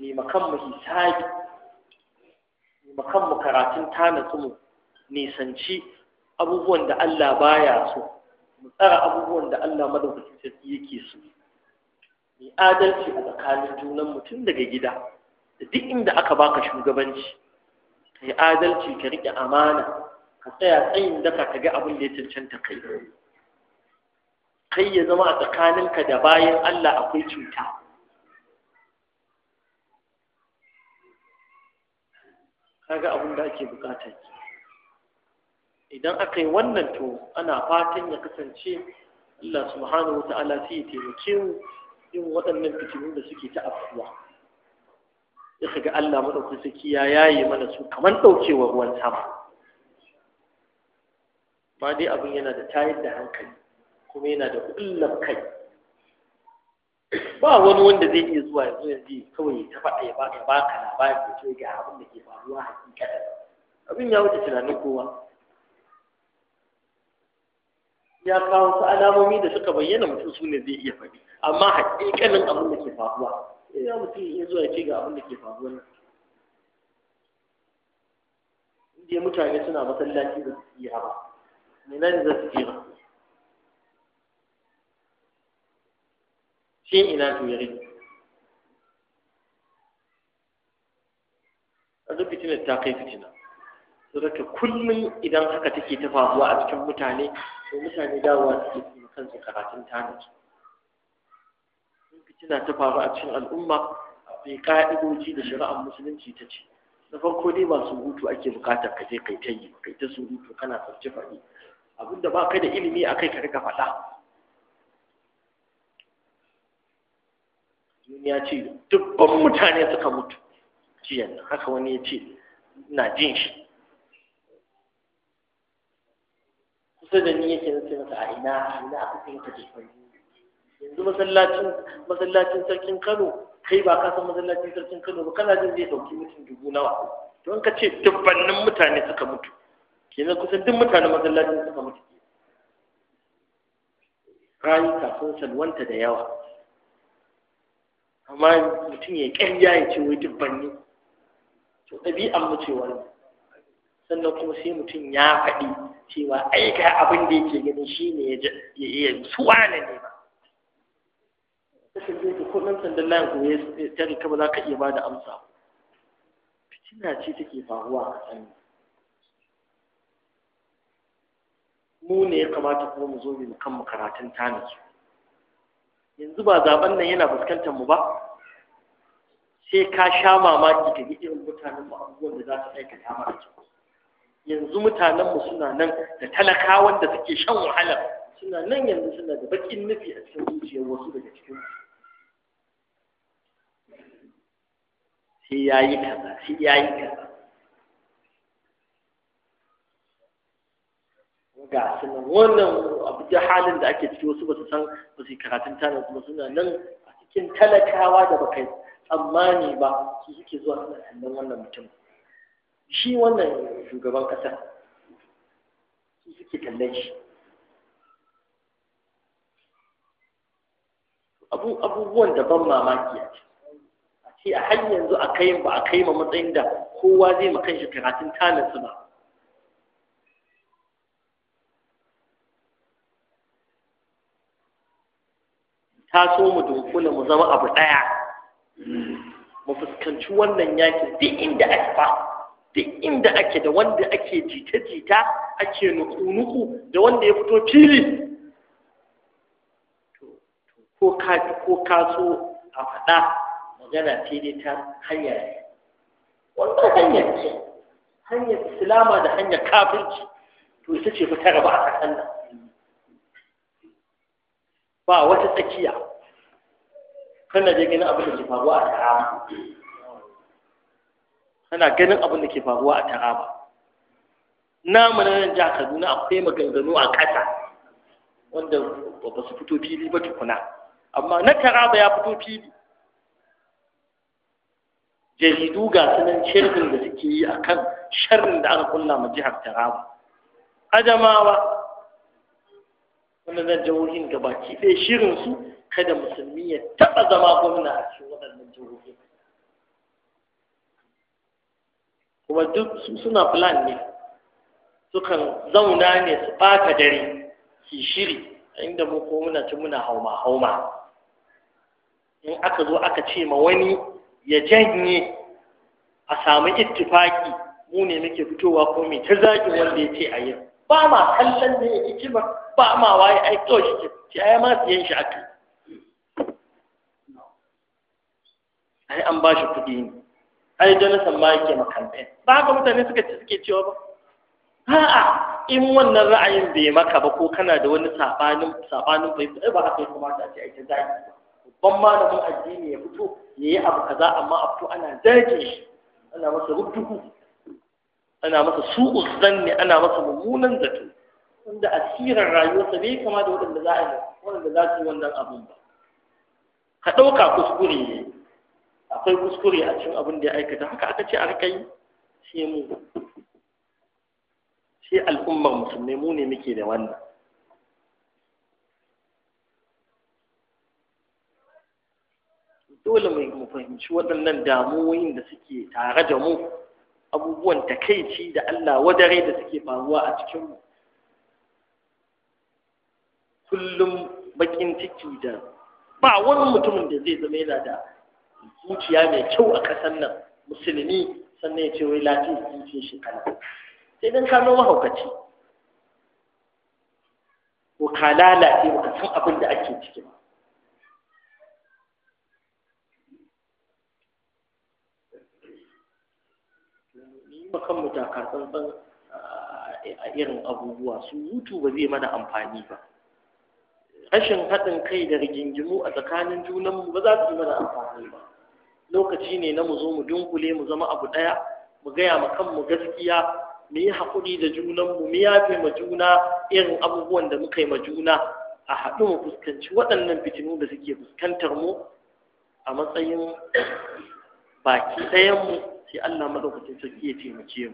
Speaker 1: ne makan mu karatun tana su mu nisanci abubuwan da Allah baya so mu tsara abubuwan da Allah madaukaki sarki yake so mu adalci a tsakanin junan mutum daga gida da duk inda aka baka shugabanci kai adalci ka rike amana ka tsaya tsayin daka ka ga abin da ya cancanta kai kai ya zama a tsakaninka da bayan Allah akwai cuta kaga abin da ake bukata idan aka yi wannan to ana fatan ya kasance Allah subhanahu wata'ala sai ya taimake mu yin waɗannan fitinu da suke ta afuwa ya kaga Allah maɗauki saki ya yaye mana su kamar ɗaukewar ruwan sama ba dai abin yana da tayar da hankali kuma yana da kullum kai ba wani wanda zai iya zuwa yanzu yanzu kawai ta faɗa ya baka baka labarin da ke ga abin da ke faruwa a hakikatan abin ya wuce tunanin kowa ya kawo su alamomi da suka bayyana mutum su ne zai iya faɗi amma hakikanin abin da ke faruwa ya mutum iya zuwa ya ce ga abin da ke faruwa nan inda mutane suna masallaci da su iya ba menene za su jira sai ina jure a zo fitinar ta kai fitina to daga kullum idan haka take ta faruwa a cikin mutane to mutane dawowa suke su kansu karatun tanaki fitina ta faru a cikin al'umma bai ka'idoji da shari'ar musulunci ta ce na farko dai ba surutu ake bukatar ka je kai ta yi kai ta surutu kana farce faɗi abinda ba kai da ilimi a kai ka rika faɗa duniya ce dubban mutane suka mutu jiyan haka wani ya ce na jin shi kusa da ni yake nace masa a ina a ina aka kai ka yanzu masallacin sarkin Kano kai ba ka san masallacin sarkin Kano ba kana jin zai dauki mutum dubu nawa don ka ce dubbannin mutane suka mutu kenan kusan duk mutane masallacin suka mutu rayuka sun salwanta da yawa amma mutum ya ƙarya ya ce wai dubban ne to ɗabi'an mu ce wani sannan kuma sai mutum ya faɗi cewa aika abin da yake gani shi ne ya iya suwa na ne ba kasance ka ko nan sandan layin ko ya tare kama za ka iya ba da amsa fitina ce take faruwa a sani mu ne ya kamata kuma mu zo mu kan karatun tanaki yanzu ba zaben nan yana fuskantar mu ba sai ka sha mamaki ka ga irin mutanen mu abubuwan da za su aikata mara kyau yanzu mutanen mu suna nan da talakawan da suke shan wahala suna nan yanzu suna da bakin nufi a cikin zuciyar wasu daga cikin sai yayi kaza sai yayi kaza ga su nan wannan abu halin da ake ciki wasu ba su san ba su karatun tana kuma suna nan a cikin talakawa da kai tsammani ba su suke zuwa suna kallon wannan mutum shi wannan shugaban ƙasa su suke kallon shi abubuwan da ban mamaki a ce a har yanzu a kai ba a kai ma matsayin da kowa zai ma kanshi karatun tanansa ba ta so mu dunkula mu zama abu ɗaya mu fuskanci wannan yakin duk inda ake fa duk inda ake da wanda ake jita-jita ake nuku-nuku da wanda
Speaker 2: ya fito fili
Speaker 1: ko ka ko ka so a faɗa magana fili ta hanya wannan hanyar ce hanyar islama da hanyar kafirci to ita ce fitar ba a ƙasar nan ba wata tsakiya kana je ganin abin da ke faruwa a taraba kana ganin abin da ke faruwa a taraba namu na nan jiha kaduna akwai maganganu a ƙasa wanda ba su fito fili ba tukuna amma na taraba ya fito fili jaridu ga sunan shirin da suke yi akan sharrin da aka kunna ma jihar taraba ajamawa wannan jihohin gabaki ɗaya su. kada musulmi ya taɓa zama gwamna a cikin waɗannan jihohi kuma duk suna plan ne sukan zauna ne su ɓata dare su shiri inda mu ko muna ci muna hauma hauma in aka zo aka ce ma wani ya janye a samu ittifaki mu ne muke fitowa ko mai ta zaƙi wanda ya ce a yi ba ma kallon da ya ƙi ba ma waye ai kawai shi ce ai ma siyan shi aka ai an ba shi kuɗi ne ai jonathan ma yake makamfe ba haka mutane suka ci suke cewa ba a'a in wannan ra'ayin bai maka ba ko kana da wani sabanin sabanin bai ai ba haka ya kamata a ce ai ta zaki babban malamin addini ya fito ya yi abu kaza amma a fito ana zage shi ana masa rubutu ana masa su'u zanni ana masa mummunan zato wanda asirar rayuwarsa bai kama da waɗanda za a yi waɗanda za su yi wannan abun ba ka ɗauka kuskure ne akwai kuskure a cikin abin da ya aikata haka aka ce a rika shi mu shi al'ummar musulmai mu ne muke da wannan dole mu fahimci waɗannan damuwoyin da suke tare da mu abubuwan takaici da Allah wadare da suke faruwa a cikin mu kullum bakin ciki da ba wani mutumin da zai zama yana da zuciya mai kyau a ƙasar nan musulmi sannan ya ce wai latin zuciya shi kana sai dan ka mahaukaci ko ka lalace ba ka abin da ake ciki ba kan mu tsantsan a irin abubuwa su hutu ba zai mana amfani ba rashin haɗin kai da rigingimu a tsakanin junanmu ba za su yi mana amfani ba lokaci ne na mu zo mu dunkule mu zama abu ɗaya mu gaya ma kanmu gaskiya mu yi haƙuri da junanmu mu yafe ma juna irin abubuwan da muka yi ma juna a haɗu mu fuskanci waɗannan fitinu da suke fuskantar mu a matsayin baki ɗayanmu sai Allah madaukakin sarki ya taimake mu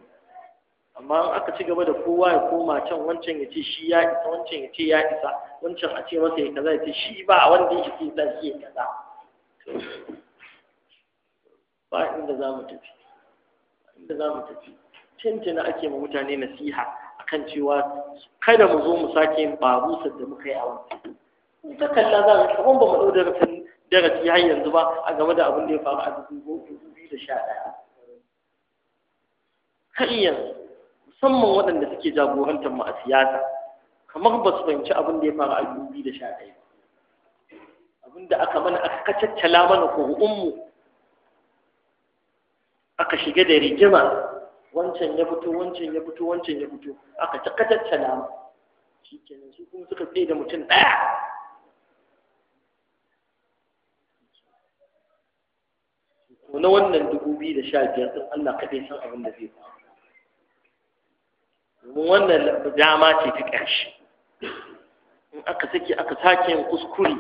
Speaker 1: amma aka ci gaba da kowa ya koma can wancan ya ce shi ya isa wancan ya ce ya isa wancan a ce masa ya kaza ya ce shi ba a wanda ya ce za shi ya kaza ba inda za mu tafi inda za mu tafi tantana ake ma mutane nasiha akan cewa kada mu zo mu sake yin babusar da muka yi a wancan in ta kalla za mu kaman ba mu ɗau darasin darasi har yanzu ba a game da abin da ya faru a dubu biyu da sha ɗaya har yanzu musamman waɗanda suke jagorantar mu a siyasa kamar ba su fahimci abin da ya faru a dubi da sha ɗaya abin da aka mana aka caccala mana ƙuri'unmu aka shiga da rigima wancan ya fito wancan ya fito wancan ya fito aka caccala mu shi kenan su kuma suka tsaye da mutum ɗaya na wannan dubu biyu da sha biyar ɗin Allah kaɗai san abin da zai faru wannan dama ce ta ƙarshe in aka sake aka sake yin kuskure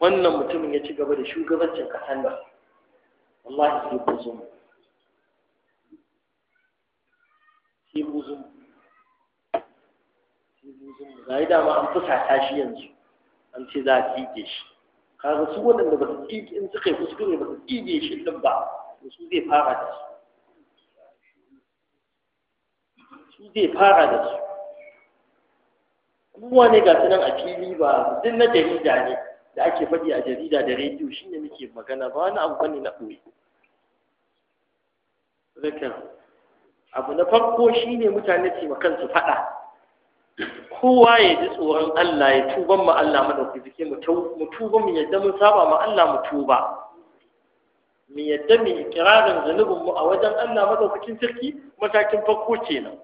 Speaker 1: wannan mutumin ya ci gaba da shugabancin ƙasar nan wallahi sai buzum sai buzum sai buzum ga yi dama an fusata shi yanzu an ce za a tsige shi kaga su waɗanda ba su tsige in suka yi kuskure ba su tsige shi din ba su zai fara da su Shi zai fara da su kuma ne ga sunan a fili ba duk na jarida ne da ake faɗi a jarida da rediyo shi ne muke magana ba wani abu ne na ɓoye zakar abu na farko shi ne mutane ce makan su faɗa kowa ya ji tsoron Allah ya tuban ma Allah ɗauki jiki mu tuba mu yadda mun saba ma Allah mu tuba mu yadda mu yi zanubin mu a wajen Allah madaukakin sarki matakin farko kenan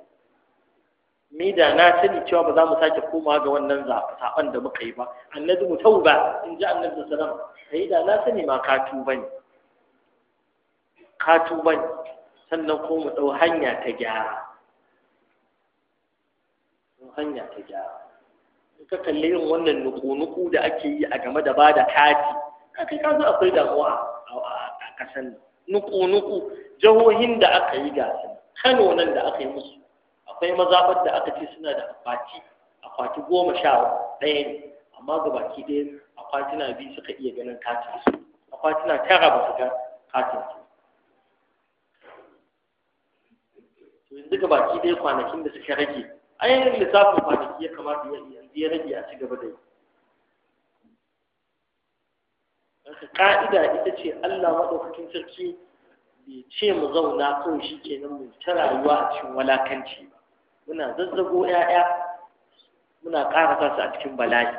Speaker 1: me da na sani cewa ba za mu sake komawa ga wannan zaɓen da muka yi ba annabi mu tauba in ji annabi sallam kai da na sani ma ka tuba ne ka tuba ne sannan ko mu ɗau hanya ta gyara hanya ta gyara in ka kalli yin wannan nuku-nuku da ake yi a game da ba da kati kai ka zo akwai damuwa a ƙasan nuku-nuku jihohin da aka yi gasa kano nan da aka yi musu akwai mazaɓar da aka ce suna da akwati akwati goma sha ɗaya ne amma ga baki ɗaya na biyu suka iya ganin katin su na tara ba su ga katin su to yanzu ga baki ɗaya kwanakin da suka rage ainihin lissafin kwanaki ya kamata ya yanzu ya rage a ci gaba da yi ka'ida ita ce Allah maɗaukakin sarki bai ce mu zauna kawai shi kenan mu ta rayuwa a cikin walakanci muna zazzago ƴaƴa muna ƙara sa a cikin bala'i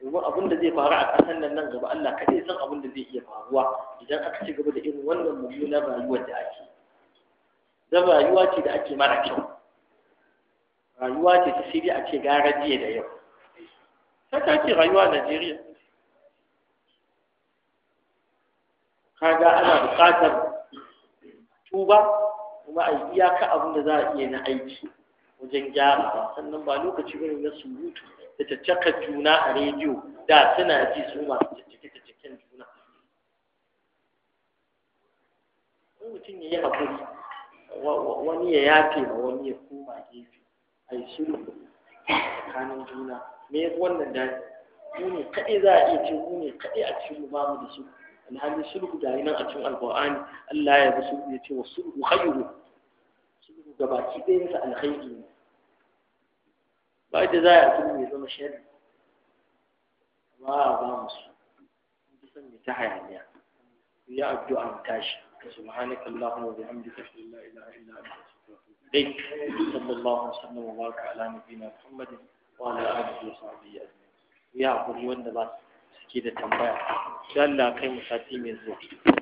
Speaker 1: domin abin da zai faru a ƙasar nan nan gaba Allah kaɗai san abin da zai iya faruwa idan aka ci gaba da irin wannan mummunar rayuwar da ake dan rayuwa ce da ake mara kyau rayuwa ce ta sai dai a ce gara jiya da yau ta ta ce rayuwa a Najeriya kaga ana buƙatar tuba kuma a iyaka abin da za a iya na aiki wajen gyara sannan ba lokaci bane na surutu da caccaka juna a rediyo da suna ji su masu caccake cikin juna wani mutum ya yi haƙuri
Speaker 2: wani ya yafe ma wani ya
Speaker 1: koma gefe a yi sulhu tsakanin juna me ya wannan daji mu ne kaɗai za a iya ce mu ne kaɗai a cikin mu ba mu da sulhu alhali sulhu da nan a cikin alƙur'ani Allah ya bi sulhu ya ce wa sulhu khairu sulhu gabaki ɗayansa alkhairi ne ba da za a tuni mai zama shari ba ba musu san mai ta hayaniya ya addu'a mu tashi سبحانك اللهم وبحمدك اشهد ان لا اله الا sallallahu استغفرك صلى الله وسلم وبارك على نبينا محمد وعلى اله
Speaker 3: وصحبه اجمعين
Speaker 1: يا ابو wanda ba suke da tambaya insha Allah kai mu sati mai zuwa